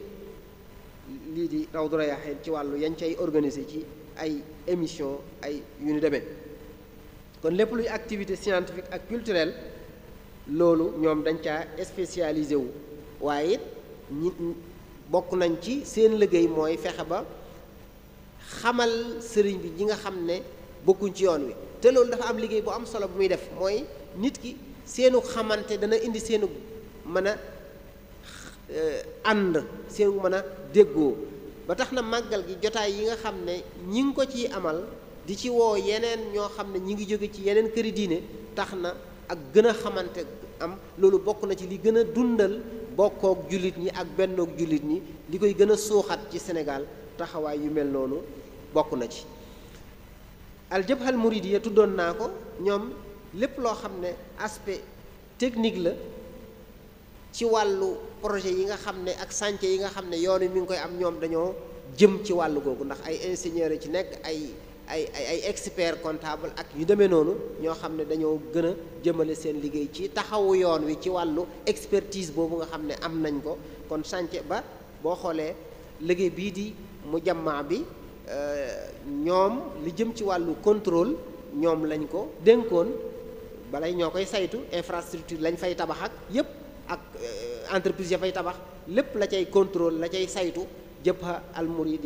lii di Rawdu Rayaahiin ci wàllu yañ cay organiser ci ay émission ay yu ni demee kon lépp luy activité scientifique ak culturelle loolu ñoom dañ caa spécialisé wu waaye it ñi bokk nañ ci seen liggéey mooy fexe ba xamal sëriñ bi ñi nga xam ne bokkuñ ci yoon wi te loolu dafa am liggéey bu am solo bu muy def mooy nit ki seenu xamante dana indi seenu mën a euh, ànd seenu mën a déggoo ba tax na màggal gi jotaay yi nga xam ne ñi ngi ko ci amal di ci woo yeneen ñoo xam ne ñi ngi jóge ci yeneen këri diine tax na ak gën a xamante am loolu bokk na ci li gën a dundal bokkook jullit ñi ak bennook jullit ñi li koy gën a suuxat ci Sénégal taxawaay yu mel noonu bokk na ci aljabha al muridiya tuddoon naa ko ñoom lépp loo xam ne aspect technique la ci wàllu projet yi nga xam ne ak sànce yi nga xam ne yoon wi mi ngi koy am ñoom dañoo jëm ci wàllu googu ndax ay ingénieurs yi ci nekk ay ay ay expert comptable ak yu demee noonu ñoo xam ne dañoo gën a jëmale seen liggéey ci taxawu yoon wi ci wàllu expertise boobu nga xam ne am nañ ko kon chantier ba boo xoolee liggéey bii di mu jammaa bi Euh, ñoom lu jëm ci wàllu contrôle ñoom lañ ko dénkoon balay ñoo koy saytu infrastructure lañ fay tabax ak yépp ak euh, entreprise ya fay tabax lépp la cay contrôle la cay saytu jëbha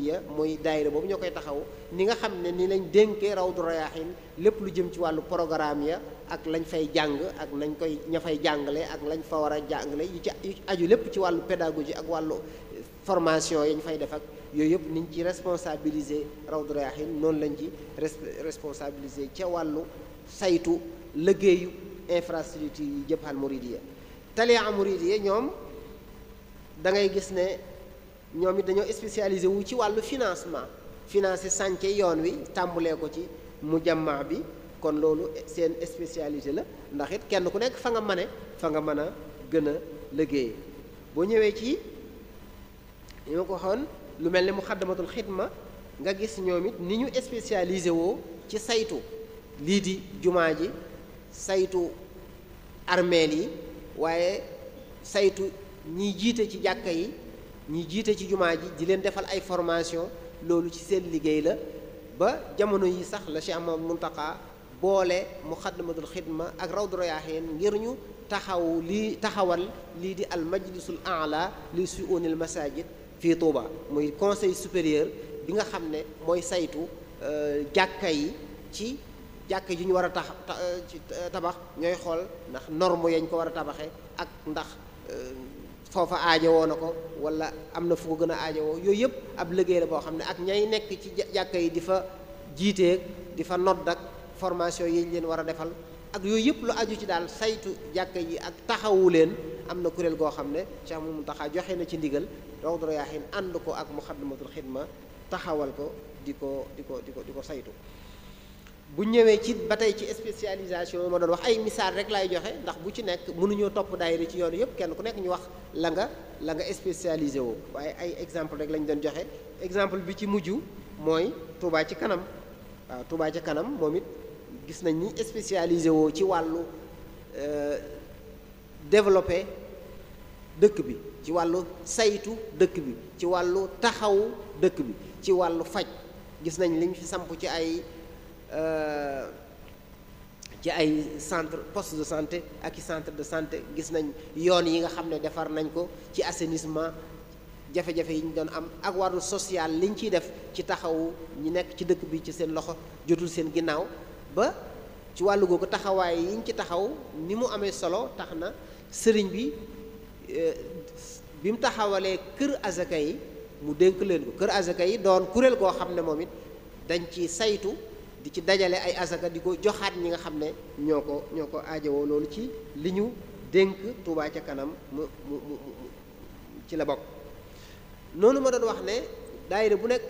ya mooy daayira boobu ñoo koy taxaw ni nga xam ne ni lañ dénkee rawdu rayaaxin lépp lu jëm ci wàllu programme ya ak lañ fay jàng ak nañ koy ña fay jàngale ak lañ fa war a jàngale yu ci aju lépp ci wàllu pédagogie ak wàllu formation ñu fay def ak yooyu yëpp niñ ci responsabiliser Rawdu Rayaahiin noonu lañ ci responsabiliser ca wàllu saytu liggéeyu infrastructure yi Jabhal Mouridiyya Taliya Mouridiyya ñoom da ngay gis ne ñoom it dañoo spécialisé wu ci wàllu financement financer sànce yoon wi tàmbalee ko ci mujammaa bi kon loolu seen spécialité la ndax it kenn ku nekk fa nga mane fa nga mën a gën a liggéey boo ñëwee ci li ma ko waxoon lu mel ni mu xaddamatul xidma nga gis ñoom it ni ñu spécialisé woo ci saytu lii di jumaa ji saytu armeel yi waaye saytu ñiy jiite ci jàkka yi ñiy jiite ci jumaa ji di leen defal ay formation loolu ci seen liggéey la ba jamono yi sax la Cheikh Ahmadou Mountakha boole mu xaddamatul xidma ak rawdu rayaaxin ngir ñu taxaw lii taxawal lii di al majlisul aala li suyoonil masajid fii Touba muy conseil supérieur bi nga xam ne mooy saytu euh, jàkka yi ci jàkka yi ñu war a tax euh, euh, tabax ñooy xool ndax norme yañ ko war a tabaxee ak ndax foofa aajowoo na ko wala am na fu ko gën a woo yooyu yëpp ab liggéey la boo xam ne ak ñay nekk ci jàkka yi di fa jiiteeg di fa nodd ak formation yi ñu leen war a defal ak yooyu yëpp lu aju ci daal saytu jàkka yi ak taxawu leen am na kuréel goo xam ne Cheikh Mouhamadou Mountakha joxe na ci ndigal donc doro ànd ko ak Muxaddamatul Xidma taxawal ko di ko di ko di ko di ko saytu bu ñëwee ci ba tey ci spécialisation ma doon wax ay misaal rek lay joxe ndax bu nekk mënuñoo topp daayira ci yoonu yëpp kenn ku nekk ñu wax la nga la nga spécialisé woo waaye ay exemple rek lañ doon joxe exemple bi ci mujj mooy Touba ci kanam waaw Touba ci kanam moom it gis nañ ni spécialisé woo ci wàllu euh, développé dëkk bi ci wàllu saytu dëkk bi ci wàllu taxawu dëkk bi ci wàllu faj gis nañ liñ fi samp ci ay euh, ci ay centre poste de santé ak i centre de santé gis nañ yoon yi nga xam ne defar nañ ko ci assainissement jafe-jafe yi ñu doon am ak wàllu social liñ ciy def ci taxawu ñu nekk ci dëkk bi ci seen loxo jotul seen ginnaaw ba ci wàllu googu taxawaay yi ñu ci taxaw ni mu amee solo tax na sëriñ bi eh, bi mu taxawalee kër azaka yi mu dénk leen ko kër azaka yi doon kuréel koo xam ne moom it dañ ci saytu di ci dajale ay azaka di ko joxaat ñi nga xam ne ñoo ko ñoo ko aajowoo loolu ci li ñu dénk Tuubaa ca kanam mu mu mu ci la bokk noonu ma doon wax ne daayira bu nekk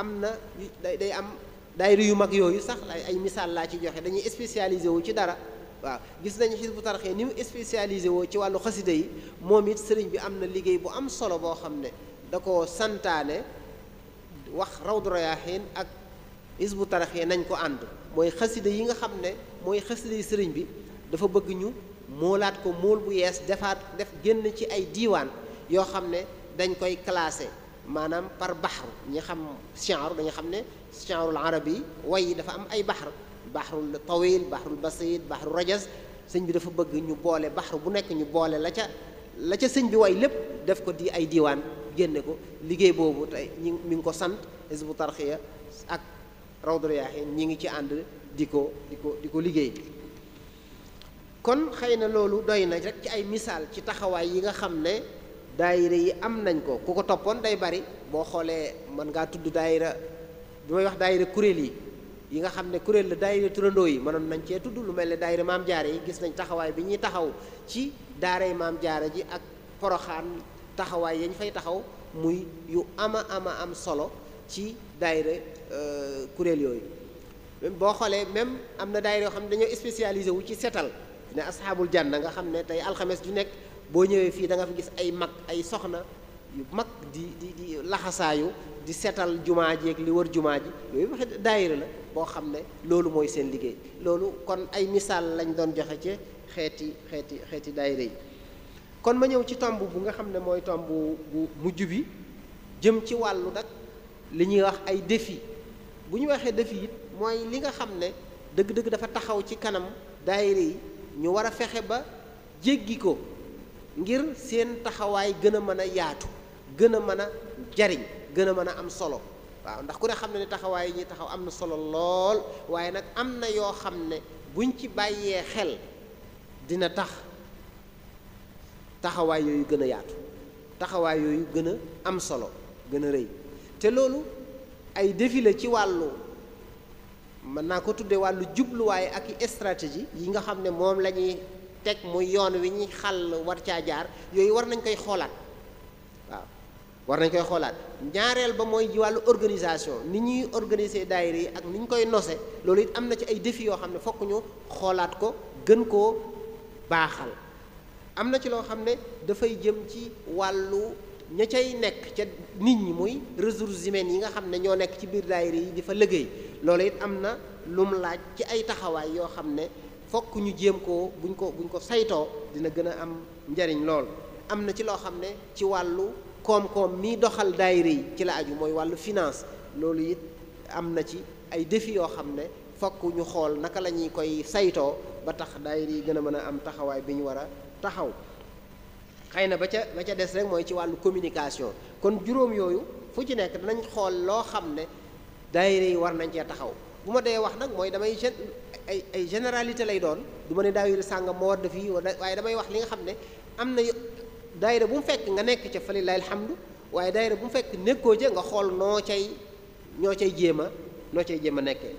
am na day am daayira yu mag yooyu sax ay misaal laa ci joxe dañuy spécialisé wu ci dara waaw gis nañu xis bu taraxee ni mu spécialisé woo ci wàllu xasida yi moom it sëriñ bi am na liggéey bu am solo boo xam ne da ko santaane wax rawdu rayaaxiin ak xis bu tarxee nañ ko ànd mooy xasida yi nga xam ne mooy xasida yi sëriñ bi dafa bëgg ñu moolaat ko mool bu yees defaat def génn ci ay diiwaan yoo xam ne dañ koy classé maanaam par baxru ñi xam genre dañu xam ne shi'rul arabi way yi dafa am ay baxar baxrul tawil baxrul basit baxru rajas sëñ bi dafa bëgg ñu boole baxru bu nekk ñu boole la ca la ca sëñ bi woy lépp def ko di ay diiwaan génne ko liggéey boobu tey ñi mi ngi ko sant Hizbut Tarqiyyah ak Rawdu Rayaahiin ñi ngi ci ànd di ko di ko di ko liggéey kon xëy na loolu doy na rek ci ay misaal ci taxawaay yi nga xam ne daayira yi am nañ ko ku ko toppoon day bari boo xoolee mën ngaa tudd daayira bi may wax daayira kuréel yi yi nga xam ne kuréel la daayira turandoo yi mënoon nañ cee tudd lu mel ne daayira maam jaare yi gis nañ taxawaay bi ñuy taxaw ci daaray maam jaare ji ak poroxaan taxawaay yañ fay taxaw muy yu ama ama am solo ci daayira euh, kuréel yooyu boo xoolee même am na daayira yoo xam ne dañoo spécialisé wu ci setal ne asxaabul janna nga xam ne tey alxames ju nekk boo ñëwee fii da nga fi gis ay mag ay soxna yu mag di di di laxasaayu di setal jumaa ji ak li wër jumaa ji yooyu waxi daayira la boo xam ne loolu mooy seen liggéey loolu kon ay misaal lañ doon joxe ci xeeti xeeti xeeti daayira yi kon ma ñëw ci tomb bu nga xam ne mooy tomb bu mujj bi jëm ci wàllu nag li ñuy wax ay défi bu ñu waxee défi it mooy li nga xam ne dëgg-dëgg dafa taxaw ci kanam daayira yi ñu war a fexe ba jéggi ko ngir seen taxawaay gën a mën a yaatu gën a mën a jariñ gën a mën a am solo waaw ndax ku ne xam ne ni taxawaay yi ñuy taxaw am na solo lool waaye nag am na yoo xam ne buñ ci bàyyee xel dina tax taxawaay yooyu gën a yaatu taxawaay yooyu gën a am solo gën a rëy te loolu ay défi ci wàllu mën naa ko tuddee wàllu jubluwaay ak i stratégie yi nga xam ne moom lañuy teg muy yoon wi ñuy xàll war caa jaar yooyu war nañ koy xoolaat war nañ koy xoolaat ñaareel ba mooy wàllu organisation ni ñuy organiser daayira yi ak ni ñu koy nose loolu it am na ci ay défis yoo xam ne fokk ñu xoolaat ko gën koo baaxal am na ci loo xam ne dafay jëm ci wàllu ña cay nekk ca nit ñi muy ressources humaines yi nga xam ne ñoo nekk ci biir daayira yi di fa liggéey loolu it am na lum laaj ci ay taxawaay yoo xam ne fokk ñu jéem koo buñ ko buñ ko saytoo dina gën a am njariñ lool am na ci loo xam ne ci wàllu koom-koom mii doxal daayira yi ci la aju mooy wàllu finance loolu it am na ci ay défi yoo xam ne fokk ñu xool naka la ñuy koy saytoo ba tax daayira yi gën a mën a am taxawaay bi ñu war a taxaw xëy na ba ca ba ca des rek mooy ci wàllu communication kon juróom yooyu fu ci nekk danañ xool loo xam ne daayira yi war nañ cee taxaw bu ma dee wax nag mooy damay gen ay ay généralité lay doon du ma ne daayira sàngam moo war def yi waaye damay wax li nga xam ne am na dayre bu mu fekk nga nekk ca fa lillahi alhamdu waaye daayira bu mu fekk nekkoo ja nga xool noo cay ñoo cay jéem a noo cay jéem a nekkee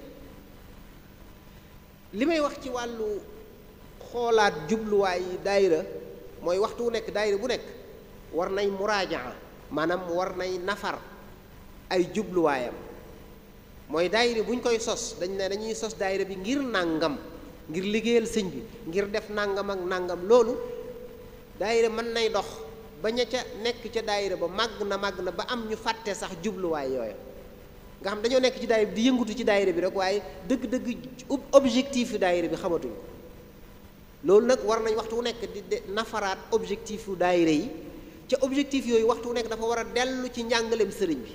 li may wax ci wàllu xoolaat jubluwaay dayre mooy waxtu wu nekk dayre bu nekk war nay muraajaa maanaam war nay nafar ay jubluwaayam mooy dayre buñ koy sos dañ ne dañuy sos daayira bi ngir nàngam ngir liggéeyal sëñ bi ngir def nàngam ak nàngam loolu daayira mën nay dox ba ña ca nekk ca daayre ba màgg na màgg na ba am ñu fàtte sax jubluwaay yooyu nga xam dañoo nekk ci daayira bi di yëngatu ci daayira bi rek waaye dëgg-dëgg objectif yu daayira bi xamatuñ ko loolu nag war nañ waxtu wu nekk di nafaraat objectif yu daayira yi ca objectif yooyu waxtu wu nekk dafa war a dellu ci njàngaleem sëriñ bi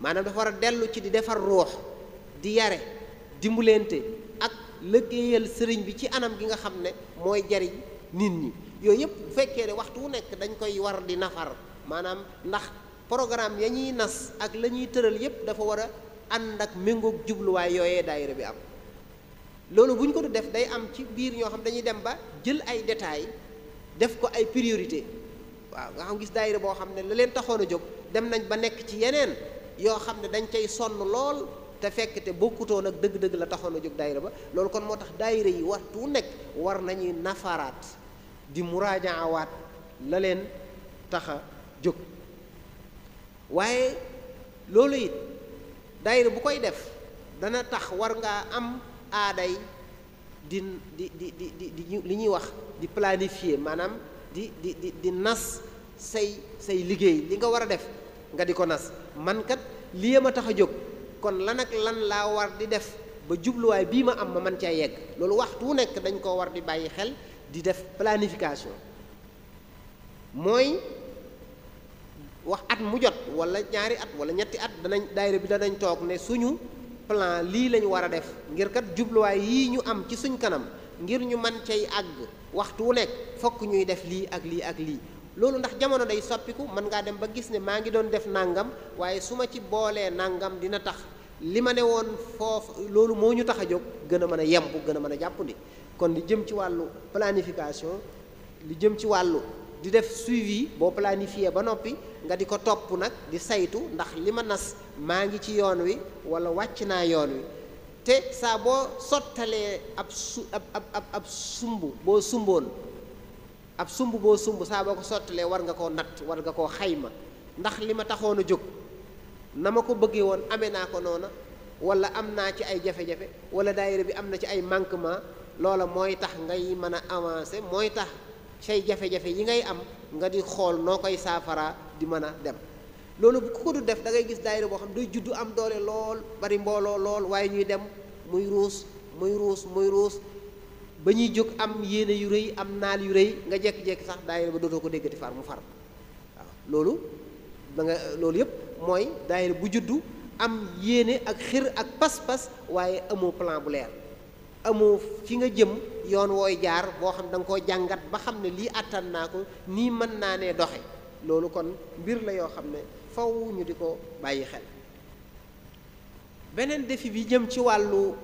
maanaam dafa war a dellu ci di defar ruux di yare dimbalante ak liggéeyal sëriñ bi ci anam gi nga xam ne mooy jariñ nit ñi yooyu yëpp bu fekkee ne waxtu wu nekk dañ koy war di nafar maanaam ndax programme ya ñuy nas ak la ñuy tëral yëpp dafa war a ànd ak méngoog jubluwaay yooyee daayira bi am loolu bu ñu ko du def day am ci biir ñoo xam ne dañuy dem ba jël ay détails def ko ay priorité waaw nga xam gis daayira boo xam ne la leen taxoon a jóg dem nañ ba nekk ci yeneen yoo xam ne dañ cay sonn lool te fekk te bokkutoo nag dëgg-dëgg la taxoon a jóg daayira ba loolu kon moo tax daayira yi waxtu nekk war nañuy nafaraat di muraajaawaat la leen taxa jóg waaye loolu it daayira bu koy def dana tax war ngaa am aaday di di di di di li ñuy wax di planifier maanaam di di di nas say say liggéey li nga war a def nga di ko nas man kat lii ma tax a jóg kon lan ak lan laa war di def ba jubluwaay bii ma am ma man caa yegg loolu waxtu wu nekk dañ koo war di bàyyi xel di def planification mooy wax at mu jot wala ñaari at wala ñetti at danañ daayira bi danañ toog ne suñu plan lii lañu war a def ngir kat jubluwaay yii ñu am ci suñ kanam ngir ñu mën cay àgg waxtu wu nekk fokk ñuy def lii ak lii ak lii loolu ndax jamono day soppiku mën ngaa dem ba gis ne maa ngi doon def nangam waaye su ma ci boolee nangam dina tax li ma ne woon foofu loolu moo ñu tax a jóg gën a mën a yemb gën a mën a jàppandi kon li jëm ci wàllu planification li jëm ci wàllu di def suivi boo planifié ba noppi nga di ko topp nag di saytu ndax li ma nas maa ngi ci yoon wi wala wàcc naa yoon wi te saa boo sottalee ab su ab ab ab sumb boo sumboon ab sumb boo sumb saa boo ko sottalee war nga koo natt war nga koo xayma ndax li ma taxoon a jóg na ma ko bëggee woon amee naa ko noona wala am naa ci ay jafe-jafe wala daayira bi am na ci ay manquement loola mooy tax ngay mën a avancer mooy tax say jafe yi ngay am nga di xool noo koy saafara di mën a dem loolu bu ko du def da ngay gis daayira boo xam ne day juddu am doole lool bari mbooloo lool waaye ñuy dem muy ruus muy ruus muy ruus ba ñuy jóg am yéene yu rëy am naal yu rëy nga jekk-jekk sax daayira ba dootoo ko déggati far mu far waaw loolu da loolu yëpp mooy daayira bu juddu am yéene ak xir ak pas-pas waaye amoo plan bu leer amoo fi nga jëm yoon wooy jaar boo xam ne danga ko jàngat ba xam ne lii àttan naa ko nii mën naa nee doxe loolu kon mbir la yoo xam ne faw ñu di ko bàyyi xel beneen défi bi jëm ci wàllu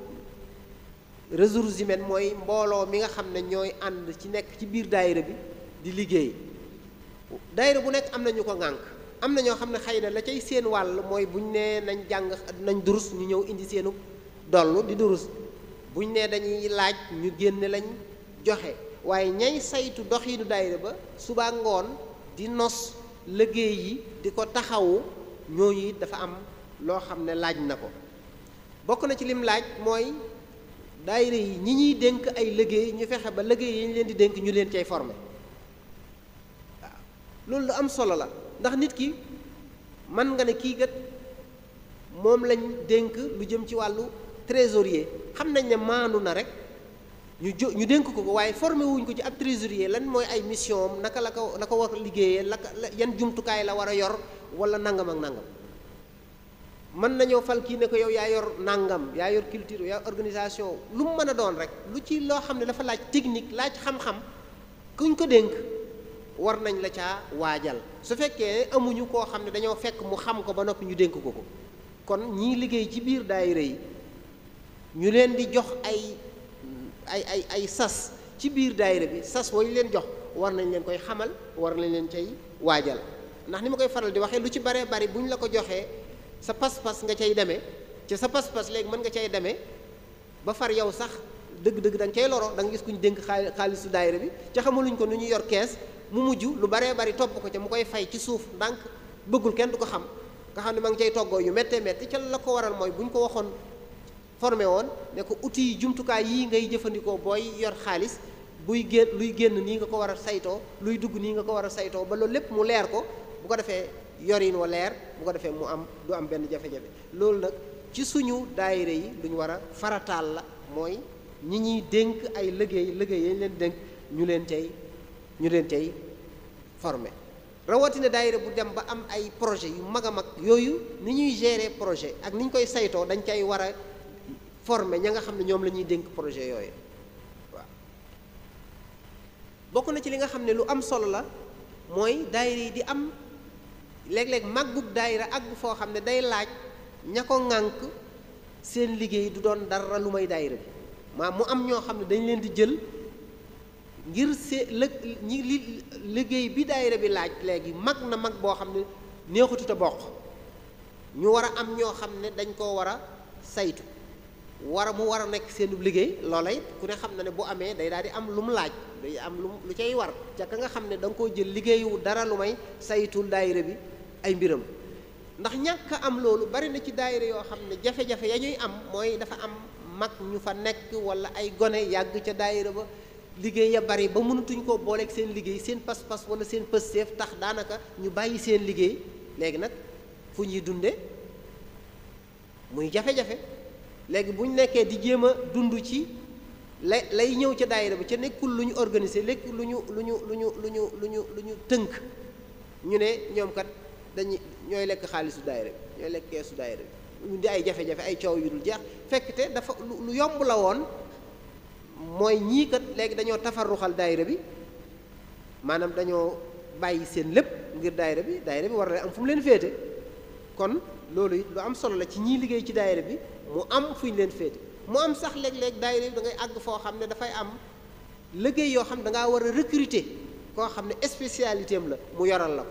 ressources humaines mooy mbooloo mi nga xam ne ñooy ànd ci nekk ci biir daayira bi di liggéey daayira bu nekk am na ñu ko ŋànk am na ñoo xam ne xëy na la cay seen wàll mooy buñ nee nañ jàng nañ durus ñu ñëw indi seenu dollu di durus buñ nee dañuy laaj ñu génne lañ joxe waaye ñay saytu doxiinu daayira ba suba ngoon di nos liggéey yi di ko taxawu ñooñu it dafa am loo xam ne laaj na ko bokk na ci lim laaj mooy daayira yi ñi ñuy dénk ay liggéey ñu fexe ba liggéey yi leen di dénk ñu leen cay formé waaw loolu lu am solo la ndax nit ki man nga ne kii gat moom lañ dénk lu jëm ci wàllu trésorier xam nañ ne maandu na rek ñu jo ñu dénk ko ko waaye formé wuñ ko ci ab trésorier lan mooy ay mission naka la ko la ko war liggéeyee la yan jumtukaay la war a yor wala nangam ak nangam mën nañoo fal kii ne ko yow yaa yor nàngam yaa yor culture yaa organisation lu mu mën a doon rek lu ci loo xam ne dafa laaj technique laaj xam-xam kuñ ko dénk war nañ la caa waajal su fekkee amuñu koo xam ne dañoo fekk mu xam ko ba noppi ñu dénk ko ko kon ñii liggéey ci biir daayre yi ñu leen di jox ay ay ay ay sas ci biir daayre bi sas wayu leen jox war nañ leen koy xamal war nañ leen cay waajal ndax ni ma koy faral di waxee lu ci baree bari bu ñu la ko joxee sa pas-pas nga cay demee ca sa pas-pas léegi mën nga cay demee ba far yow sax dëgg-dëgg da cay loro da nga gis kuñ dénk xaalisu daayira bi ca xamaluñ ko nu ñu yor kees mu mujj lu baree bari topp ko ca mu koy fay ci suuf ndànk bëggul kenn du ko xam nga xam ne ma ngi cay toggoo yu méttee métti ca la ko waral mooy bu ñu ko waxoon formé woon ne ko outils jumtukaay yii ngay jëfandikoo booy yor xaalis buy génn luy génn nii nga ko war a saytoo luy dugg nii nga ko war a saytoo ba loolu lépp mu leer ko bu ko defee yorin wa leer bu ko defee mu am du am benn jafe-jafe loolu nag ci suñu daayira yi lu ñu war a farataal la mooy ñi ñuy dénk ay liggéey liggéey yañ leen dénk ñu leen cay ñu leen tey formé rawatina daayira bu dem ba am ay projet yu mag a mag yooyu ni ñuy gérer projet ak ni ñu koy saytoo dañ cay war a former ña nga xam ne ñoom la ñuy dénk projet yooyu waaw bokk na ci li nga xam ne lu am solo la mooy daayira yi di am léeg-léeg màggug ak àgg foo xam ne day laaj ña ko ŋànk seen liggéey du doon dara lu may daayira bi maa mu am ñoo xam ne dañ leen di jël ngir see lë bi laaj léegi mag na mag boo xam ne neexutut a bokk ñu war a am ñoo xam ne dañ koo war a saytu war mu war a nekk seenub liggéey loola ku ne xam na ne bu amee day daal di am lu mu laaj day am lu cay war ca ka nga xam ne da koo jël liggéeyu dara lu may saytul daayira bi ay mbiram ndax ñàkk am loolu bari na ci daayira yoo xam ne jafe-jafe ya ñuy am mooy dafa am mag ñu fa nekk wala ay gone yàgg ca daayira ba liggéey ya bari ba mënatuñ koo booleeg seen liggéey seen pas-pas wala seen pësteef tax daanaka ñu bàyyi seen liggéey léegi nag fu ñuy dunde muy jafe-jafe léegi bu ñu nekkee di jéem a dund ci lay lay ñëw ca daayira ba ca nekkul lu ñu organiser léegi lu ñu lu ñu lu ñu lu ñu lu ñu lu ñu tënk ñu ne ñoom dañuy ñooy lekk xaalisu daayira bi ñooy lekk keesu daayira bi indi ay jafe-jafe ay coow yu dul jeex fekk te dafa lu yomb la woon mooy ñii kat léegi dañoo tafaruxal daayira bi maanaam dañoo bàyyi seen lépp ngir daayira bi daayira bi war na am fu mu leen féete kon loolu it lu am solo la ci ñii liggéey ci daayira bi mu am fu ñu leen féete mu am sax léeg-léeg daayira da ngay àgg foo xam ne dafay am liggéey yoo xam ne da ngaa war a recruter koo xam ne spécialité am la mu yoral la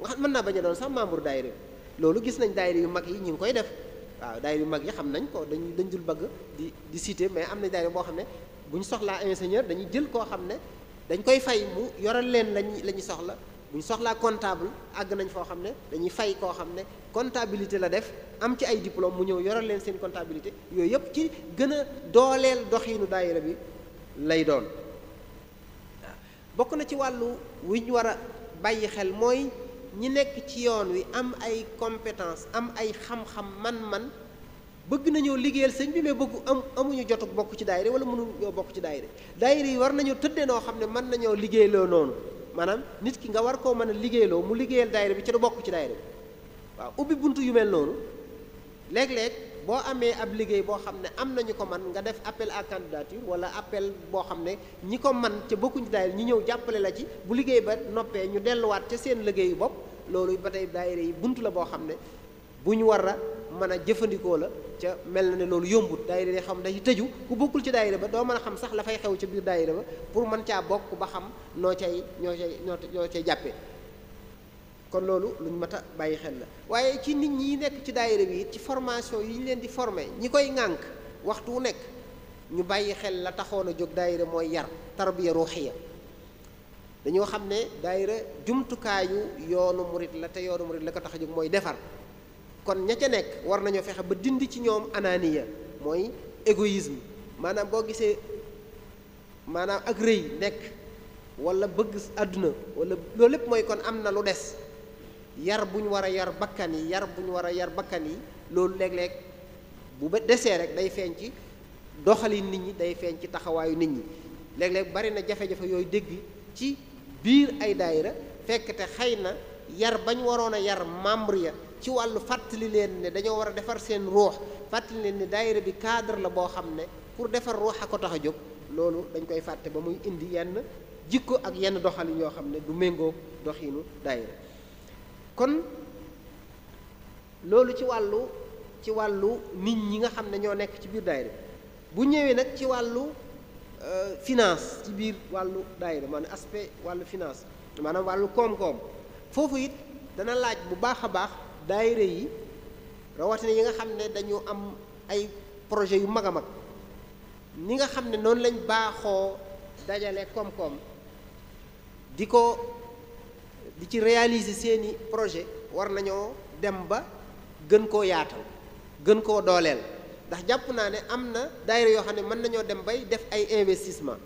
nga xam mën naa bañ a doon sax membre daayira loolu gis nañ daayira yu mag yi ñu ngi koy def waaw daayira yu mag yi xam nañ ko dañ dañ dul bëgg di di citer mais am na daayira boo xam ne bu ñu soxlaa ingénieur dañuy jël koo xam ne dañ koy fay mu yoral leen lañ la soxla bu soxlaa comptable àgg nañ foo xam ne dañuy fay koo xam ne comptabilité la def am ci ay diplôme mu ñëw yoral leen seen comptabilité yooyu yëpp ci gën a dooleel doxiinu daayira bi lay doon waaw bokk na ci wàllu wi ñu war a bàyyi xel mooy ñi nekk ci yoon wi am ay compétence am ay xam-xam man-man bëgg nañoo liggéeyal sëñ bi mais bëggu am amuñu jotug bokk ci daayira wala mënuñoo bokk ci daayira daayira yi war nañu tëddee noo xam ne mën nañoo liggéeyloo noonu maanaam nit ki nga war koo mën a liggéeyloo mu liggéeyal daayira bi ca du bokk ci daayira bi waaw ubbi bunt yu mel noonu léeg-léeg boo amee ab liggéey boo xam ne am nañu ko man nga def appel à candidature wala appel boo xam ne ñi ko man ca bokkuñu daayira ñi ñëw jàppale la ci bu liggéey ba noppee ñu delluwaat ca seen liggéeyu bopp loolu ba tey daayira yi bunt la boo xam ne bu ñu war a mën a jëfandikoo la ca mel na ne loolu yombut daayira yi xam day tëju ku bokkul ci daayira ba doo mën a xam sax la fay xew ca biir daayira ba pour mën caa bokk ba xam noo cay ñoo cay ñoo cay jàppee kon loolu lu ñu mat a bàyyi xel la waaye ci nit ñi nekk ci daayira bi it ci formation yi ñu leen di former ñi koy ŋànk waxtu wu nekk ñu bàyyi xel la taxoon a jóg daayira mooy yar tarbiya ruuxiya dañoo xam ne dayre jumtukaayu yoonu murit la te yoonu murit la ko tax a jóg mooy defar kon ña ca nekk war nañoo fexe ba dindi ci ñoom ananiya mooy égoïsme maanaam boo gisee maanaam ak rëy nekk wala bëgg àdduna wala loolu lépp mooy kon am na lu des yar bu ñu war a yar bakkan yi yar bu ñu war a yar bakkan yi loolu léeg-léeg bu ba desee rek day feeñ ci doxalin nit ñi day feeñ ci taxawaayu nit ñi léeg-léeg bari na jafe-jafe yooyu dégg ci biir ay daayira fekk te xëy na yar bañ waroon a yar membre ya ci wàll fàttali leen ne dañoo war a defar seen ruux fàttali leen ne daayira bi cadre la boo xam ne pour defar ruux a ko tax a jóg loolu dañ koy fàtte ba muy indi yenn jikko ak yenn doxalin yoo xam ne du méngoo doxinu daayira kon loolu ci wàllu ci wàllu nit ñi nga xam ne ñoo nekk ci biir daayira bu ñëwee nag ci wàllu euh, finance ci biir wàllu daayira maanaam aspect wàllu finance maanaam wàllu koom-koom foofu it dana laaj bu baax a baax daayira yi rawatina yi nga xam ne dañu am ay projet yu mag a mag ni nga xam ne noonu lañ baaxoo dajale koom-koom di ko di ci réaliser seeni projet war nañoo dem ba gën koo yaatu gën koo dooleel ndax jàpp naa ne am na daayira yoo xam ne mën nañoo dem bay def ay investissement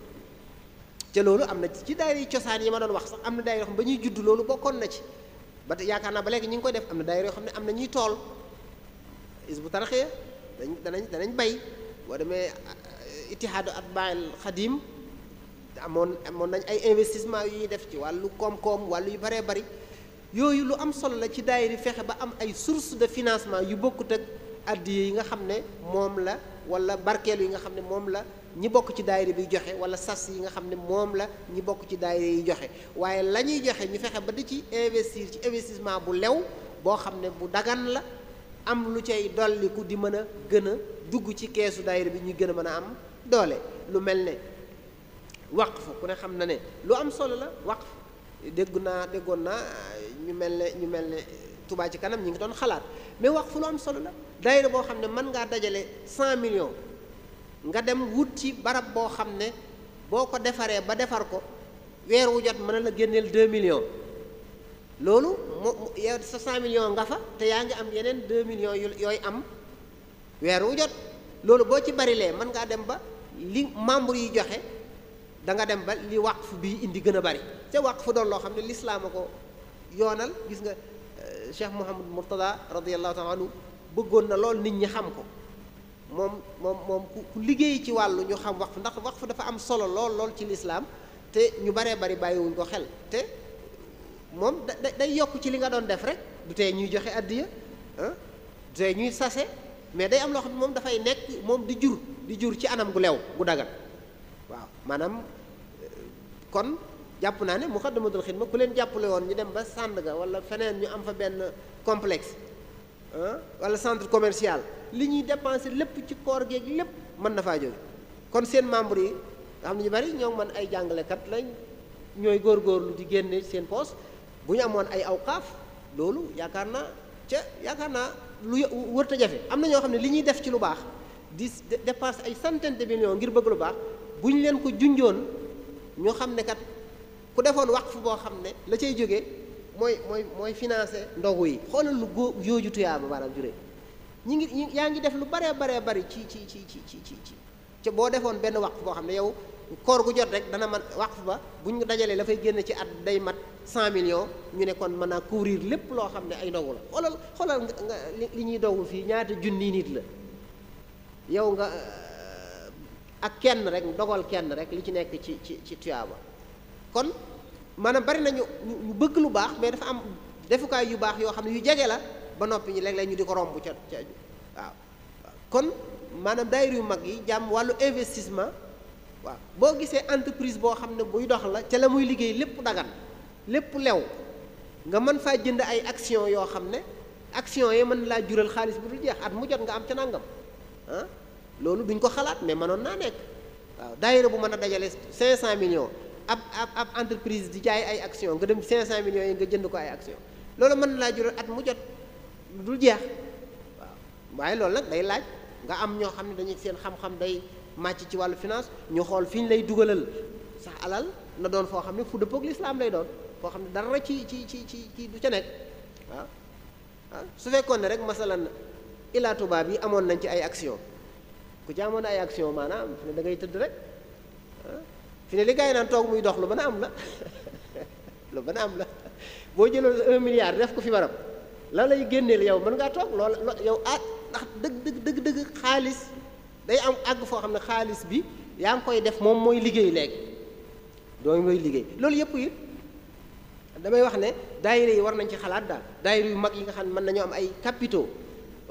ca loolu am na ci daayira yi cosaan yi ma doon wax sax am na daayira yoo xam ne ba ñuy judd loolu bokkoon na ci ba te yaakaar naa ba léegi ñu ngi koy def am na daayira yoo xam ne am na ñuy tool is bu taraxee dañ danañ danañ bay boo demee uh, itihaadu atbaal xadim amoon amoon nañ ay investissement yu ñuy def ci wàllu koom-koom wàllu yu bëree bëri yooyu lu am solo la ci daayiri fexe ba am ay source de financement yu bokkut ak addiya yi nga xam ne moom la wala barkeelu yi nga xam ne moom la ñi bokk ci daayira bi joxe wala sas yi nga xam ne moom la ñi bokk ci daayira joxe waaye la ñuy joxe ñu fexe ba di ci investir ci investissement bu lew boo xam ne bu dagan la am lu cay dolliku di mën a gën a dugg ci keesu daayira bi ñuy gën a mën a am doole lu mel ne wax waqf ku ne xam na ne lu am solo la waqf dégg naa déggoon naa ñu mel ne ñu mel ne Touba ci kanam ñu ngi doon xalaat mais waqf lu am solo la daayira boo xam ne mën ngaa dajale cent millions nga dem wut ci barab boo xam ne boo ko defaree ba defar ko weer wu jot mën na la génneel deux millions loolu mu yow sa cent millions nga fa te yaa ngi am yeneen deux millions yu yooyu am weer wu jot loolu boo ci barilee mën ngaa dem ba li membre yi joxe da nga dem ba li fu bii indi gën a bari ca waqf doon loo xam ne lislaama ko yoonal gis nga euh, Cheikh Mouhamad Mourtada radiyallahu taala anhu bëggoon na lool nit ñi xam ko moom moom moom ku liggéey ci wàllu ñu xam fu ndax wax waqf dafa am solo lool lool ci lislaam te ñu baree bari bàyyiwuñ ko xel te moom da day yokk ci li nga doon def rek du tee ñuy joxe addiya ah du tee ñuy sase mais day am loo xam ne moom dafay nekk moom di jur di jur ci anam gu lew gu dagan waaw maanaam kon jàpp naa ne ma muxaddamatul xidma ku leen jàppale woon ñu dem ba Sandaga wala feneen ñu am fa benn complexe ah, wala centre commercial li ñuy dépensé lépp ci koor geeg lépp mën na faa jóge kon seen membre yi nga xam ne ñu bari ñoo man ay jàngalekat lañ ñooy góorgóorlu di génne seen poos bu ñu amoon ay aw awqaaf loolu yaakaar naa ca yaakaar naa lu wërta jafe am na ñoo xam ne li ñuy def ci lu baax di dépense ay centaine de millions ngir bëgg bu ñu leen ko junjoon ñoo xam ne kat ku defoon waqf boo xam ne la cay jóge mooy mooy mooy financé ndogu yi xoolal lu góo jooju tuyaaba maanaam juree ñi ngi yaa ngi def lu baree baree bari ci ci ci ci ci ci ci boo defoon benn waqf boo xam ne yow koor gu jot rek dana man waqf ba bu ñu dajalee dafay génn ci at day mat 100 millions ñu ne kon mën naa couvrir lépp loo xam ne ay ndogu la xoolal xoolal li ñuy ndogu fii ñaata junni nit la yow nga ak kenn rek dogal kenn rek li ci nekk ci ci ci tuyaaba kon maanaam bari nañu ñu bëgg lu baax mais dafa am defukaay yu baax yoo xam ne yu jege la ba noppi ñu léeg-léeg di ko romb ca ca waaw kon maanaam daayir yu mag yi jàmm wàllu investissement waaw boo gisee entreprise boo xam ne buy dox la ca la muy liggéey lépp dagan lépp lew nga mën faa jënd ay action yoo xam ne action yee mën laa jural xaalis bu dul jeex at mu jot nga am ca nangam ah. loolu duñ ko xalaat mais mënoon naa nekk waaw daayira bu mën a dajale 500 millions ab ab ab entreprise di jaay ay action nga dem 500 millions yi nga jënd ko ay action loolu mën na laa jural at mu jot du jeex waaw waaye loolu nag day laaj nga am ñoo xam ne dañuy seen xam day màcc ci wàllu finance ñu xool fi ñu lay dugalal sax alal na doon foo xam ne fu dëppoog lislaam lay doon foo xam ne dara ci ci ci ci ci du ca nekk waaw su fekkoon ne rek masalan ilaa tubaab yi amoon nañ ci ay action ku ci ay action maanaam fi ne da ngay tëdd rek ah, fi ne li gars yi naan toog muy dox lu mën a am la lu mën a am la boo jëloon un milliard def ko fi barab la lay génneel yow mën ngaa toog loola yow ah ndax dëgg dëgg dëgg dëgg xaalis day am àgg foo xam ne xaalis bi yaa ngi koy def moom mooy liggéey léegi dooy mooy liggéey loolu yëpp it damay wax ne daayira yi war nañ ci xalaat daal dayre yu mag yi nga xam ne mën nañoo am ay capitaux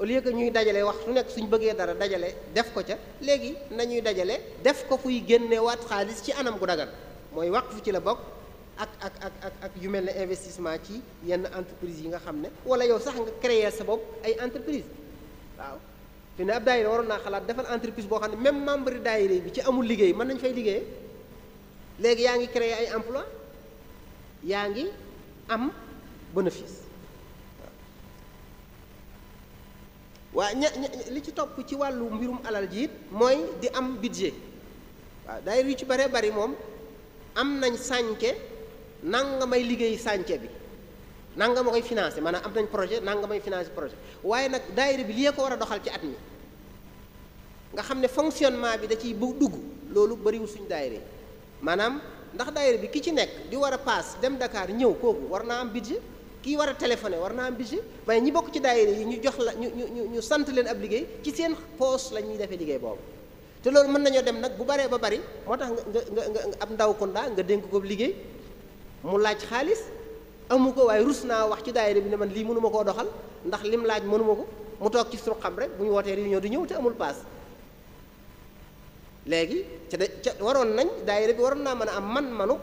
au lieu que ñuy dajale wax su nekk suñ bëggee dara dajale def ko ca léegi nañuy dajale def ko fuy génnewaat xaalis ci anam gu dagan mooy waqfu ci la bokk ak ak ak ak ak yu mel ne investissement ci yenn entreprise yi nga xam ne wala yow sax nga créer sa bopp ay entreprise waaw fi ne ab daayira waroon naa xalaat defal entreprise boo xam ne même membre daayira bi ci amul liggéey mën nañ fay liggéey léegi yaa ngi créer ay emploi yaa ngi am bénéfice waaw ña li ci topp ci wàllu mbirum alal jiit mooy di am budget waaw daayir yu ci bare bari moom am nañ sànke nanga may liggéey sànke bi nanga ma koy financé maanaam am nañ projet nanga may financé projet waaye nag daayira bi lii ko war a doxal ci at mi nga xam ne fonctionnement bi da ciy bu dugg loolu bariwul suñu daayira maanaam ndax daayira bi ki ci nekk di war a paas dem dakaar ñëw kooku war naa am budget kii war a téléphoné war naa am budget waaye ñi bokk ci daayira yi ñu jox la ñu ñu ñu sant leen ab liggéey ci seen poos la ñuy defee liggéey boobu te loolu mën nañoo dem nag bu baree ba bari moo tax nga nga nga ab ndaw kunda nga dénk ko liggéey mu laaj xaalis amu ko waaye rus naa wax ci daayira bi ne man lii mënuma koo doxal ndax lim laaj mënu ma ko mu toog ci suqam rek bu ñu wootee réunion du ñëw te amul paas léegi ca da ca waroon nañ daayira bi waroon naa mën a am man-manu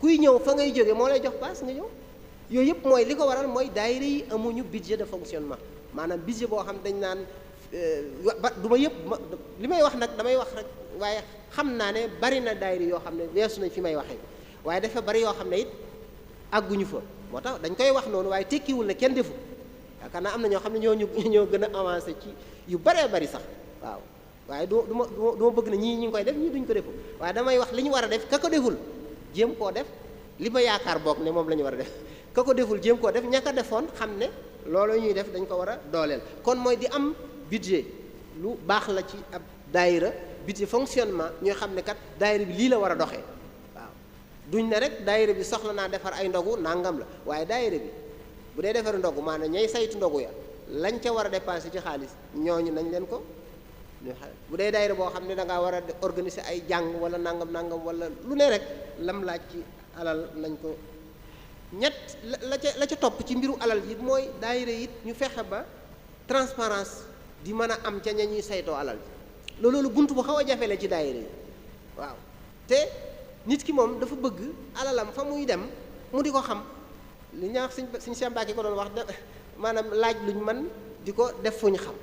kuy ñëw fa ngay moo lay jox paas nga ñëw. yooyu yëpp mooy li ko waral mooy daayira yi amuñu budget de fonctionnement maanaam budget boo xam dañ naan euh, ba du ma yëpp li may wax nag damay wax rek waaye xam naa ne bari na daayira yoo xam ne weesu nañ fi may waxee waaye dafa bari yoo xam ne it àgguñu fa moo tax dañ koy wax noonu waaye tekkiwul ne kenn defu yaakaar naa am na ñoo xam ne ñoo ñu ñoo gën avancé ci yu baree bari sax waaw waaye du ma du ma bëgg na ñii ñu ngi koy def ñii duñ ko defu waaye damay wax li ñu war a def ka ko deful jéem koo def li ma yaakaar boog ne moom la ñu war a def ka ko deful jéem koo def ñàkk a defoon xam ne loolu ñuy def dañ ko war a dooleel kon mooy di am budget lu baax la ci ab daayira budget fonctionnement ñoo xam ne kat daayira bi lii la war a doxee waaw duñ ne rek daayira bi soxla naa defar ay ndogu nangam la waaye daayira bi bu dee defar ndogu maanaam ñay saytu ndogu ya lañ ca war a dépenser ci xaalis ñooñu nañ leen ko bu dee daayira boo xam ne da ngaa war a organiser ay jàng wala nangam nangam wala lu ne rek lam laaj ci alal nañ ko ñett la ca la ca topp ci mbiru alal yi mooy daayira it ñu fexe ba transparence di mën a am ca ña ñuy saytoo alal ji loolu bunt bu xaw a jafe la ci daayira yi waaw te nit ki moom dafa bëgg alalam fa muy dem mu di ko xam li ñaax suñ suñ sembaaki ko doon wax de maanaam laaj luñ man di ko def ñu xam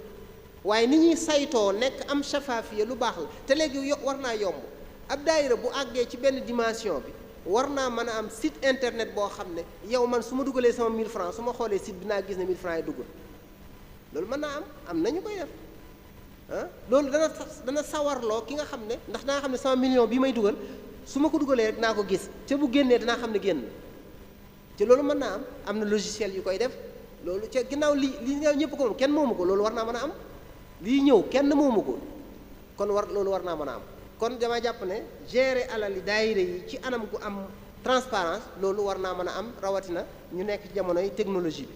waaye ni ñuy saytoo nekk am safaafiya lu baax la te léegi yo war naa yomb ab daayira bu àggee ci benn dimension bi war naa mën a am site internet boo xam ne yow man su ma dugalee sama mille francs su ma xoolee site bi naa gis ne 1000 francs yi dugg loolu man naa am am nañu koy def ah loolu dana dana sawarloo ki nga xam ne ndax naa xam ne sama million bi may dugal su ma ko dugalee rek ko gis ca bu génnee danaa xam ne génn loolu mën naa am am na logiciel yu koy def loolu ca ginnaaw li li nga ñëpp ko moom kenn moomu ko loolu war naa mën a am lii ñëw kenn moomu ko kon war loolu war naa mën a am kon dama jàpp ne gérer alali daayira yi ci anam ku am transparence loolu war naa mën a am rawatina ñu nekk ci jamonoy technologie bi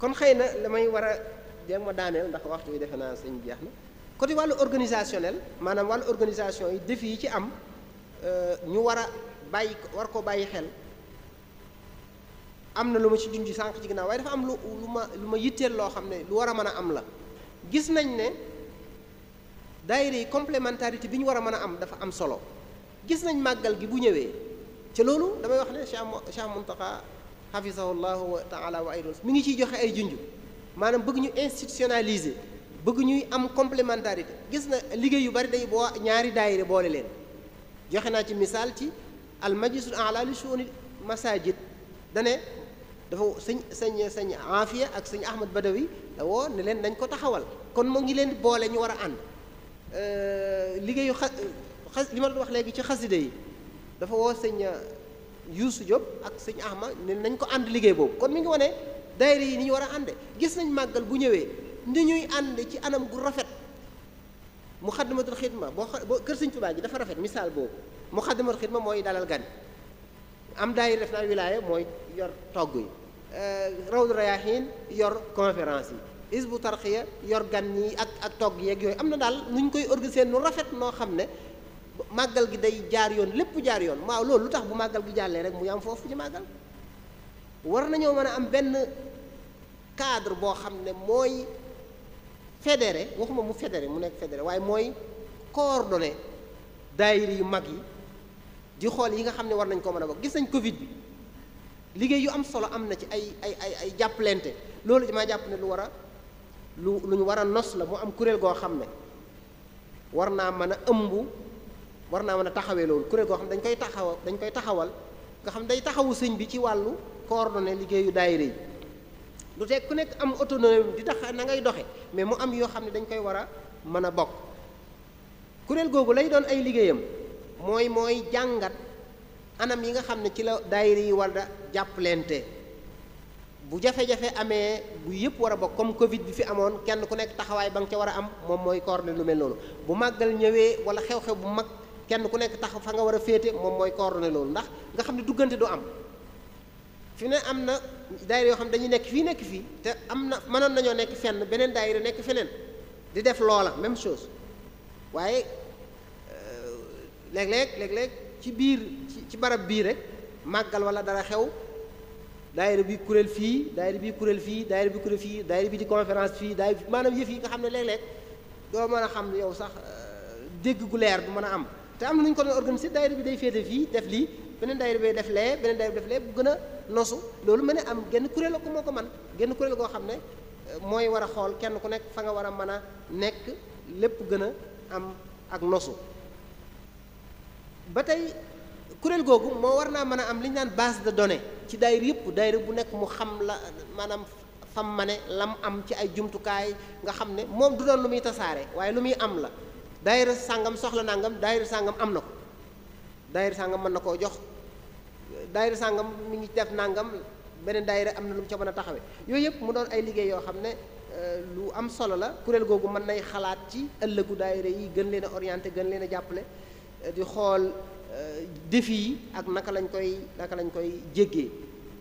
kon xëy na la war a jéem ma daaneel ndax waxtu wi defe naa sëñ jeex na côté wàllu organisationnel maanaam wàllu organisation yi défi yi ci am euh, ñu war a bàyyi war ko bàyyi xel am na lu ma ci junj sànq ci ginnaaw waaye dafa am lu lu ma lu ma yitteel loo xam ne lu war a mën a am la gis nañ ne daayira yi complémentarité bi ñu war a mën a am dafa am solo gis nañ màggal gi bu ñëwee ca loolu damay wax ne Cheikh Cheikh Mountakha hafizahullahu wa taala wa aydoon mu ngi ciy joxe ay junju maanaam bëgg ñu institutionnaliser bëgg ñuy am complémentarité gis na liggéey yu bari day boo ñaari daayira boole leen joxe naa ci misaal ci al majlisul a'la li shu'uni masajid dane dafa sëñ sëñ sëñ Afia ak sëñ Ahmad Badawi da woo ne leen dañ ko taxawal kon mu ngi leen boole ñu war a ànd liggéeyu xa xas li ma doon wax léegi ci xaside yi dafa woo sëñ Youssou Diop ak sëñ Ahma ne nañ ko ànd liggéey boobu kon mi ngi wane daayira yi ni ñu war a ànde gis nañ màggal bu ñëwee ni ñuy ànd ci anam gu rafet mu xaddamatul xidma boo xa boo kër sëñ Tuubaa ji dafa rafet misaal boobu mu xaddamatul xidma mooy dalal gan am daayira def naa wilaaya mooy yor togg yi euh, rawdu rayaahiin yor conférence yi isbu tarxiya yor gan ñi ak ak togg yeeg yooyu am na daal nu ñu koy organiser nu rafet noo xam ne màggal gi day jaar yoon lépp jaar yoon waaw loolu lu tax bu màggal gi jàllee rek mu am foofu ci màggal war nañoo mën a am benn cadre boo xam ne mooy fédéré waxuma mu fédéré mu nekk fédéré waaye mooy coordonné daayiri yu mag yi di xool yi nga xam ne war nañ ko mën a bokk gis nañ Covid bi liggéey yu am solo am na ci ay ay ay ay jàppalante loolu damaa jàpp ne lu war a lu lu ñu war a nos la mu am kuréel goo xam ne war naa mën a ëmb war naa mën a taxawee loolu kuréel goo xam ne dañ koy taxaw dañ koy taxawal nga xam day taxawu sëñ bi ci wàllu coordonné liggéeyu daayira lu teg ku nekk am autonomie di tax na ngay doxe mais mu am yoo xam ne dañ koy war a mën a bokk kuréel googu lay doon ay liggéeyam mooy mooy jàngat anam yi nga xam ne ci la daayira yi war a jàppalante bu jafe-jafe amee bu yëpp war a bokk comme Covid bi fi amoon kenn ku nekk taxawaay ba nga ca war a am moom mooy coordonné lu mel noonu bu màggal ñëwee wala xew-xew bu mag kenn ku nekk tax fa nga war a féete moom mooy coordonné loolu ndax nga xam ne duggante du am fi ne am na daayira yoo xam ne dañuy nekk fii nekk fii te am na mënoon nañoo nekk fenn beneen daayira nekk feneen di def loola même chose waaye euh, léeg-léeg léeg-léeg ci biir ci barab bii rek màggal wala dara xew. daayira bi kuréel fii daayira bi kuréel fii daayira bi kuréel fii daayira bi di conférence fii daayira maanaam yëf yi nga xam ne léeg-léeg doo mën a xam yow sax euh, dégg gu leer du mën a am te am na ñu ko doon organisé daayira bi day féete fii def lii beneen daayira bi def lee beneen daayira bi def gën a nosu loolu mën a am genn kuréel ko moo ko man genn kuréel goo xam ne euh, mooy war a xool kenn ku nekk fa nga war a mën a nekk lépp gën a am ak nosu ba tey kuréel googu moo war naa mën a am li ñu naan base de données ci dayre yëpp daayir bu nekk mu xam la maanaam fam ma ne lam am ci ay jumtukaay nga xam ne moom du doon lu muy tasaare waaye lu muy am la daayira sàngam soxla nangam daayira sàngam am na ko daayira sàngam mën na koo jox daayira sàngam mi ngi def nangam beneen daayira am na lu mu ca mën a taxawe yooyu yëpp mu doon ay liggéey yoo xam ne euh, lu am solo la kuréel googu mën nay xalaat ci ëllëgu daayira yi gën leen a orienté gën leen a jàppale di xool défi yi ak naka lañ koy naka lañ koy jéggee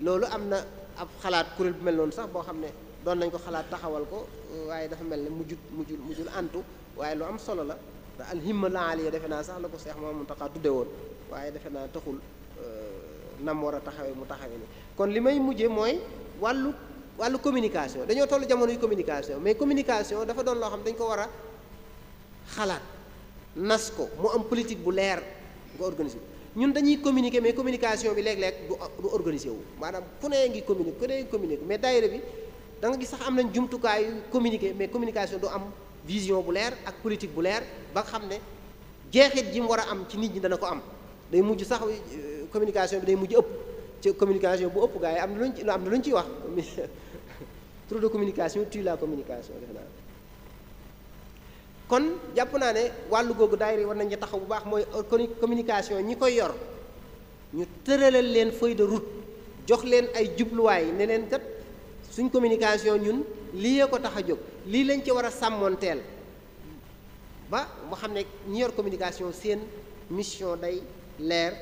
loolu am na ab xalaat kuréel bu mel noonu sax boo xam ne doon nañ ko xalaat taxawal ko waaye dafa mel ne mujjul mujjul mujjul antu waaye lu am solo la te alhimma laal yi defe naa sax la ko Seex Mamadou Mountakha tudde woon waaye defe naa taxul euh, nam war a taxawee mu taxawee ni kon li may mujje mooy wàllu wàllu communication dañoo toll jamono yu communication mais communication dafa doon loo xam dañ ko war a xalaat nas ko mu am politique bu leer nga organisé ñun dañuy communiquer mais communication bi léeg-léeg du du wu maanaam ku ne ngi communiquer ku ne ngi communiquer mais daayira bi da nga gis sax am nañ jumtukaay yu communiquer communication du am vision bu leer ak politique bu leer ba xam ne jeexit ji mu war a am ci nit ñi dana ko am day mujj sax euh, communication bi day mujj ëpp ci communication bu ëpp gars yi am na luñ ci am na luñ ciy wax trop de communication tue la communication defe naa kon jàpp naa ne wàll googu daayira war nañu taxaw bu baax mooy communication ñi koy yor ñu tëralal leen feuille de route jox leen ay jubluwaay ne leen kat suñ communication ñun lii yee ko tax a jóg lii lañ ci war a sàmmoonteel ba mu xam ne ñi yor communication seen mission day leer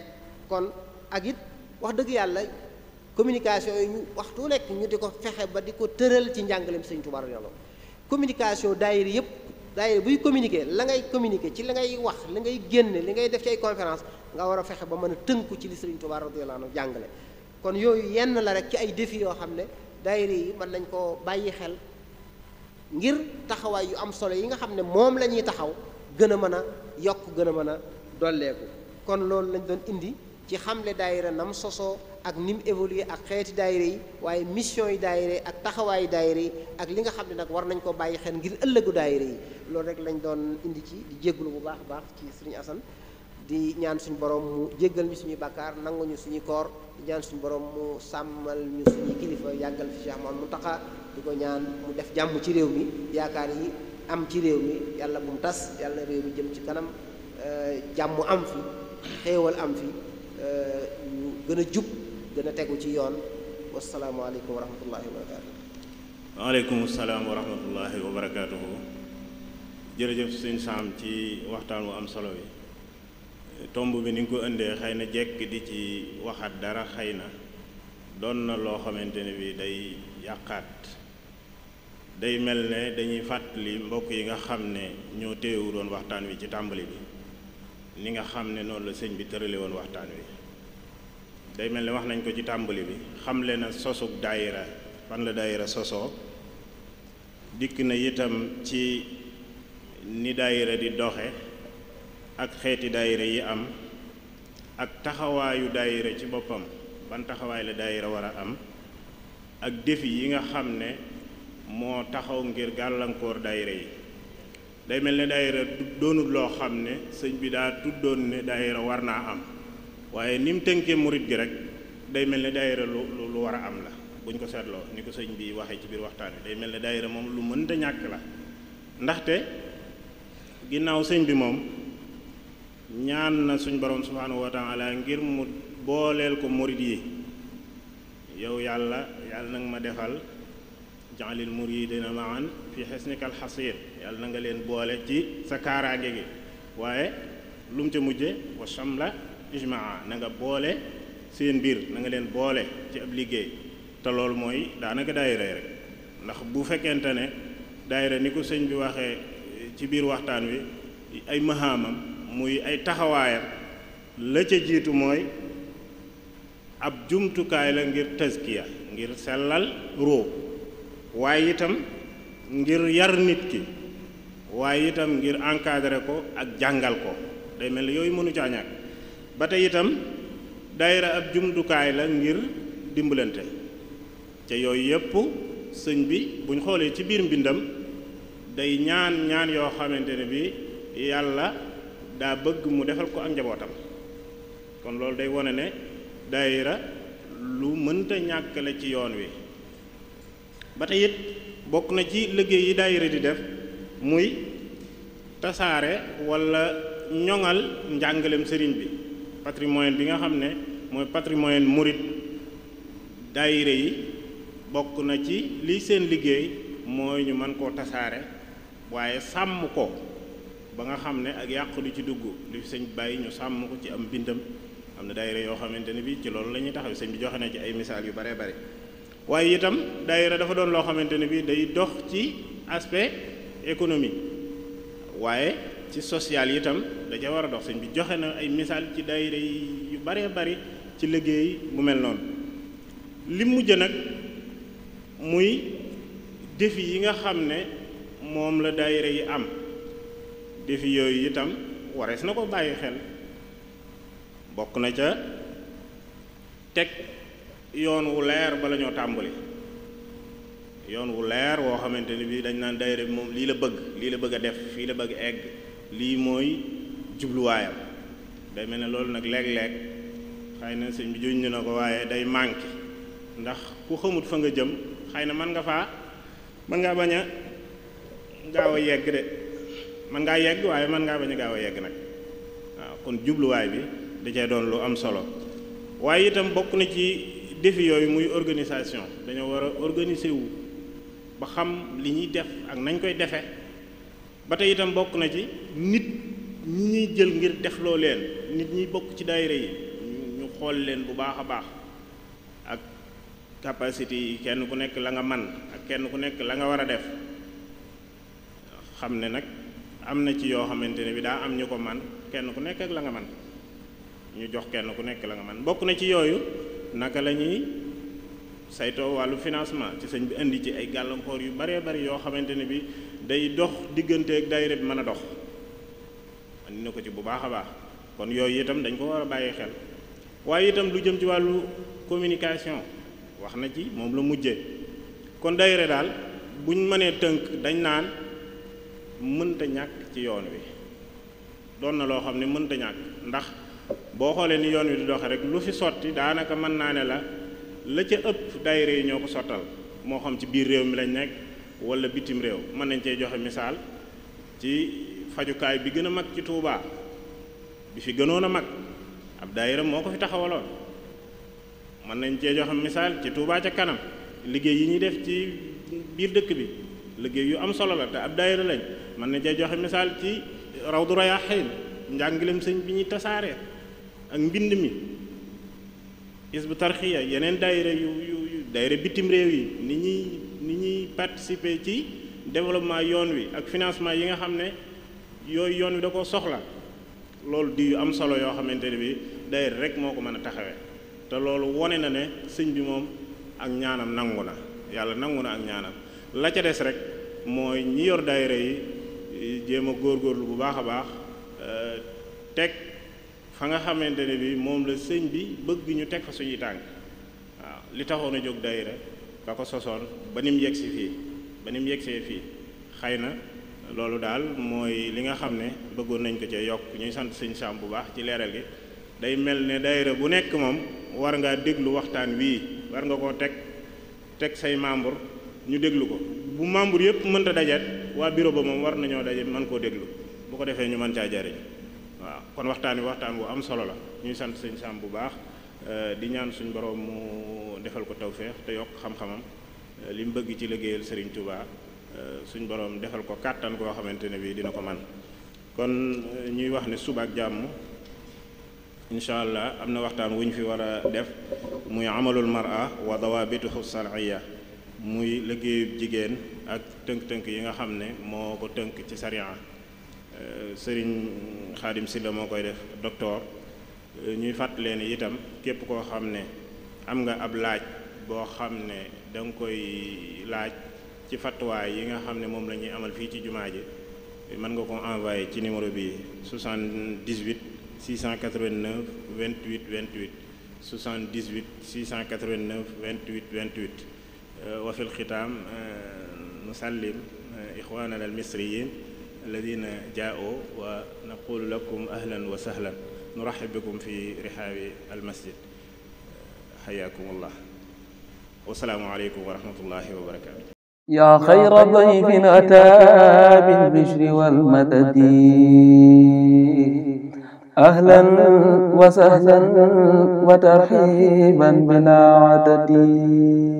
kon ak it wax dëgg yàlla communication yi ñu waxtu nekk ñu di ko fexe ba di ko tëral ci njàngaleem Sëñ Tuubaa communication daayira yëpp. daay buy communiquer la ngay communiquer ci la ngay wax li ngay génne li ngay def ci ay conférence nga war a fexe ba mën a tënku ci li Sëriñ Tuubaa radiyallaahu anhu jàngale kon yooyu yenn la rek ci ay défis yoo xam ne daayira yi mën nañ koo bàyyi xel ngir taxawaay yu am solo yi nga xam ne moom la ñuy taxaw gën a mën a yokk gën a mën a dolleeku kon loolu lañ doon indi ci xamle daayira nam sosoo ak ni mu évolué ak xeeti daayira yi waaye mission yi daayira yi ak taxawaayu daayira yi ak li nga xam ne nag war nañ ko bàyyi xel ngir ëllëgu daayira yi loolu rek lañ doon indi ci di jégglu bu baax a baax ci Sëriñ Asan di ñaan suñu borom mu jéggal ñu suñuy bàkkaar nangu ñu suñuy koor di ñaan suñu borom mu sàmmal ñu suñuy kilifa yàggal fi Cheikh mu Mountakha di ko ñaan mu def jàmm ci réew mi yaakaar yi am ci réew mi yàlla bu mu tas yàlla réew mi jëm ci kanam euh, jàmm am fi xéewal am fi euh, gën a jub gën a tegu ci yoon wasalaamualeykum wa rahmatullahi wa barakaatu. ci waxtaan wu am solo bi tomb bi ni ko indee xëy na jekk di ci waxaat dara xëy na doon na loo xamante ne bi day yàqaat day mel ne dañuy fàttali mbokk yi nga xam ne ñoo téewu doon waxtaan wi ci tàmbali bi ni nga xam ne noonu la sëñ bi tërale woon waxtaan wi day mel ni wax nañ ko ci tàmbali bi xamle na sosug daayira fan la daayira sosoo dikk na itam ci ni daayira di doxe ak xeeti daayira yi am ak taxawaayu daayira ci boppam ban taxawaay la daayira war a am ak défi yi nga xam ne moo taxaw ngir gàllankoor daayira yi day mel ne daayira doonul loo xam ne sëñ bi daa tuddoon ne daayira war naa am waaye ni mu tënkee murit gi rek day mel ne daayira lu lu war a am la buñ ko seetloo ni ko sëñ bi waxee ci biir waxtaan wi day mel ne daayira moom lu mën te ñàkk la ndaxte ginnaaw sëñ bi moom ñaan na suñ borom subhaanahu wa ngir mu booleel ko murit yi yow yàlla yàlla nag ma defal jaalil muridina maan fi xesnikal xasir yàlla na nga leen boole ci sa kaaraage gi waaye lu mu ca mujje wa samla ijmaa na nanga boole seen biir nanga leen boole ci ab liggéey te loolu mooy daanaka daayira rek ndax bu fekkente ne daayira ni ko sëñ bi waxee eh, ci biir waxtaan wi ay mahamam muy ay taxawaayam la ca jiitu mooy ab jumtukaay la ngir tazkiya ngir sellal roo waaye itam ngir yar nit ki waaye itam ngir encadrer ko ak jàngal ko day mel ni yooyu mënu caa ba tey itam daayira ab jumtukaay la ngir dimbalante ca yooyu yëpp sëñ bi buñ xoolee ci biir mbindam day ñaan ñaan yoo xamante ne bi yàlla daa bëgg mu defal ko ak njabootam kon loolu day wone ne dayira lu mënta ñàkk ci yoon wi ba it bokk na ci liggéey yi daayira di def muy tasaare walla ñoŋal njàngalem sëriñ bi patrimoine bi nga xam ne mooy patrimoine murit daayire yi bokk na ci li seen liggéey mooy ñu mën koo tasaare waaye sàmm ko ba nga xam ne ak yàqu du ci dugg li fi sëñ bàyyi ñu sàmm ko ci am bindam am na daayira yoo xamante ne bi ci loolu la ñuy taxaw sëñ bi joxe na ci ay misaal yu bare bare waaye itam daayira dafa doon loo xamante ne bi day dox ci aspect économie waaye ci social yitam da ca war a dox sëñ bi joxe na ay misaal ci dayre yi yu baree bari ci liggéey bu mel noonu li mujj nag muy defi yi nga xam ne moom la daayira yi am defi yooyu itam warees na ko bàyyi xel bokk na ca teg yoon wu leer bala ñoo tàmbali yoon wu leer woo xamante ni bii dañ naan daayira moom lii la bëgg lii la bëgg a def fii la bëgg egg lii mooy jubluwaayam day mel ne loolu nag léeg-léeg xëy na sëñ bi juñ na ko waaye day manqué ndax ku xamut fa nga jëm xëy na mën nga faa mën ngaa bañ a gaaw a yegg de mën ngaa yegg waaye mën ngaa bañ a gaaw a yegg nag waaw kon jubluwaay bi da doon lu am solo waaye itam na ci défi yooyu muy organisation dañoo war a organiser wu ba xam li ñuy def ak nañ koy defee ba tey itam bokk na ci nit ñi ñuy jël ngir defloo leen nit ñi bokk ci daayira yi ñu xool leen bu baax a baax ak capacité yi kenn ku nekk la nga man ak kenn ku nekk la nga war a def xam ne nag am na ci yoo xamante ne bi daa am ñu ko man kenn ku nekk la nga man ñu jox kenn ku nekk la nga man bokk na ci yooyu naka la ñuy saytoo wàllu financement ci sëñ bi indi ci ay gàllankoor yu baree bari yoo xamante ne bi day dox diggante ak daayira bi mën a dox andi na ko ci bu baax a baax kon yooyu itam dañ ko war a bàyyi xel waaye itam lu jëm ci wàllu communication wax na ci moom la mujjee kon daayira daal buñ mënee tënk dañ naan mënta ñàkk ci yoon wi doon na loo xam ne mënta ñàkk ndax boo xoolee ni yoon wi di doxe rek lu fi sotti daanaka mën naa ne la la ca ëpp daayira yi ñoo ko sottal moo xam ci biir réew mi lañ nekk wala bitim réew mën nañ cee joxe misaal ci fajukaay bi gën a mag ci Touba bi fi gënoon a mag ab daayira moo ko fi taxawaloon mën nañ cee joxe misaal ci Touba ci kanam liggéey yi ñuy def ci biir dëkk bi liggéey yu am solo la te ab daayira lañ mën nañ cee joxe misaal ci Rawdu Rayaahiin njàngaleem sëñ bi ñuy tasaaree ak mbind mi Hizbut Tarqiyyah yeneen daayira yu yu daayira bitim réew yi ni ñuy participer ci développement yoon wi ak financement yi nga xam ne yooyu yoon wi da koo soxla loolu di am solo yoo xamante ne bi day rek moo ko mën a taxawee te loolu wone na ne sëñ bi moom ak ñaanam nangu na yàlla nangu na ak ñaanam la ca des rek mooy ñi yor daayira yi jéem a góorlu bu baax a baax euh, teg fa nga xamante ne bi moom la sëñ bi bëgg ñu teg fa suñuy tànk waaw li taxoon a jóg daayira ka ko sosoon ba ni mu yegsi fii ba ni mu yegsee fii xëy na loolu daal mooy li nga xam ne bëggoon nañ ko cee yokk ñuy sant sëñ Sam bu baax ci leeral gi day mel ne daayira bu nekk moom war ngaa déglu waxtaan wii war nga koo teg teg say membre ñu déglu ko bu membre yëpp mënta dajat waa biro ba moom war nañoo daje mën koo déglu bu ko defee ñu mën caa jariñ waaw kon waxtaan wi waxtaan wu am solo la ñuy sant sëñ Sam bu baax Euh, di ñaan suñu borom mu defal ko tawféex te yokk xam-xamam euh, li mu bëgg ci liggéeyal Serigne Touba euh, suñu borom defal ko kàttan koo xamante ne bii dina ko man kon ñuy wax ne suba ak jàmm incha allah am na waxtaan wu ñu fi war a def muy amalul mar'a wa dawaabituhu shar'iyya muy liggéeyu jigéen ak tënk-tënk yi nga xam ne moo ko tënk ci sariya Serigne Khadim Sylla moo koy def docteur. ñuy fàttalee leen itam képp koo xam ne am nga ab laaj boo xam ne da nga koy laaj ci fattuwaay yi nga xam ne moom la ñuy amal fii ci jumaa ji mën nga ko envoyé ci numéro bi 78 689 28 28 78 689 28 28 wa fil xitaam euh, nusallim euh, ixwaanana yi misriyin alladina jaa'u wa naqulu lakum ahlan wa sahlan nuraxib bikum fi rixaabi almasjid xayaakumullah wasalaamu aleykum wa rahmatullahi wa barakaatu yaa xayra dayfin ataa bil bishri wal madadi ahlan wa sahlan wa tarxiiban bilaa adadi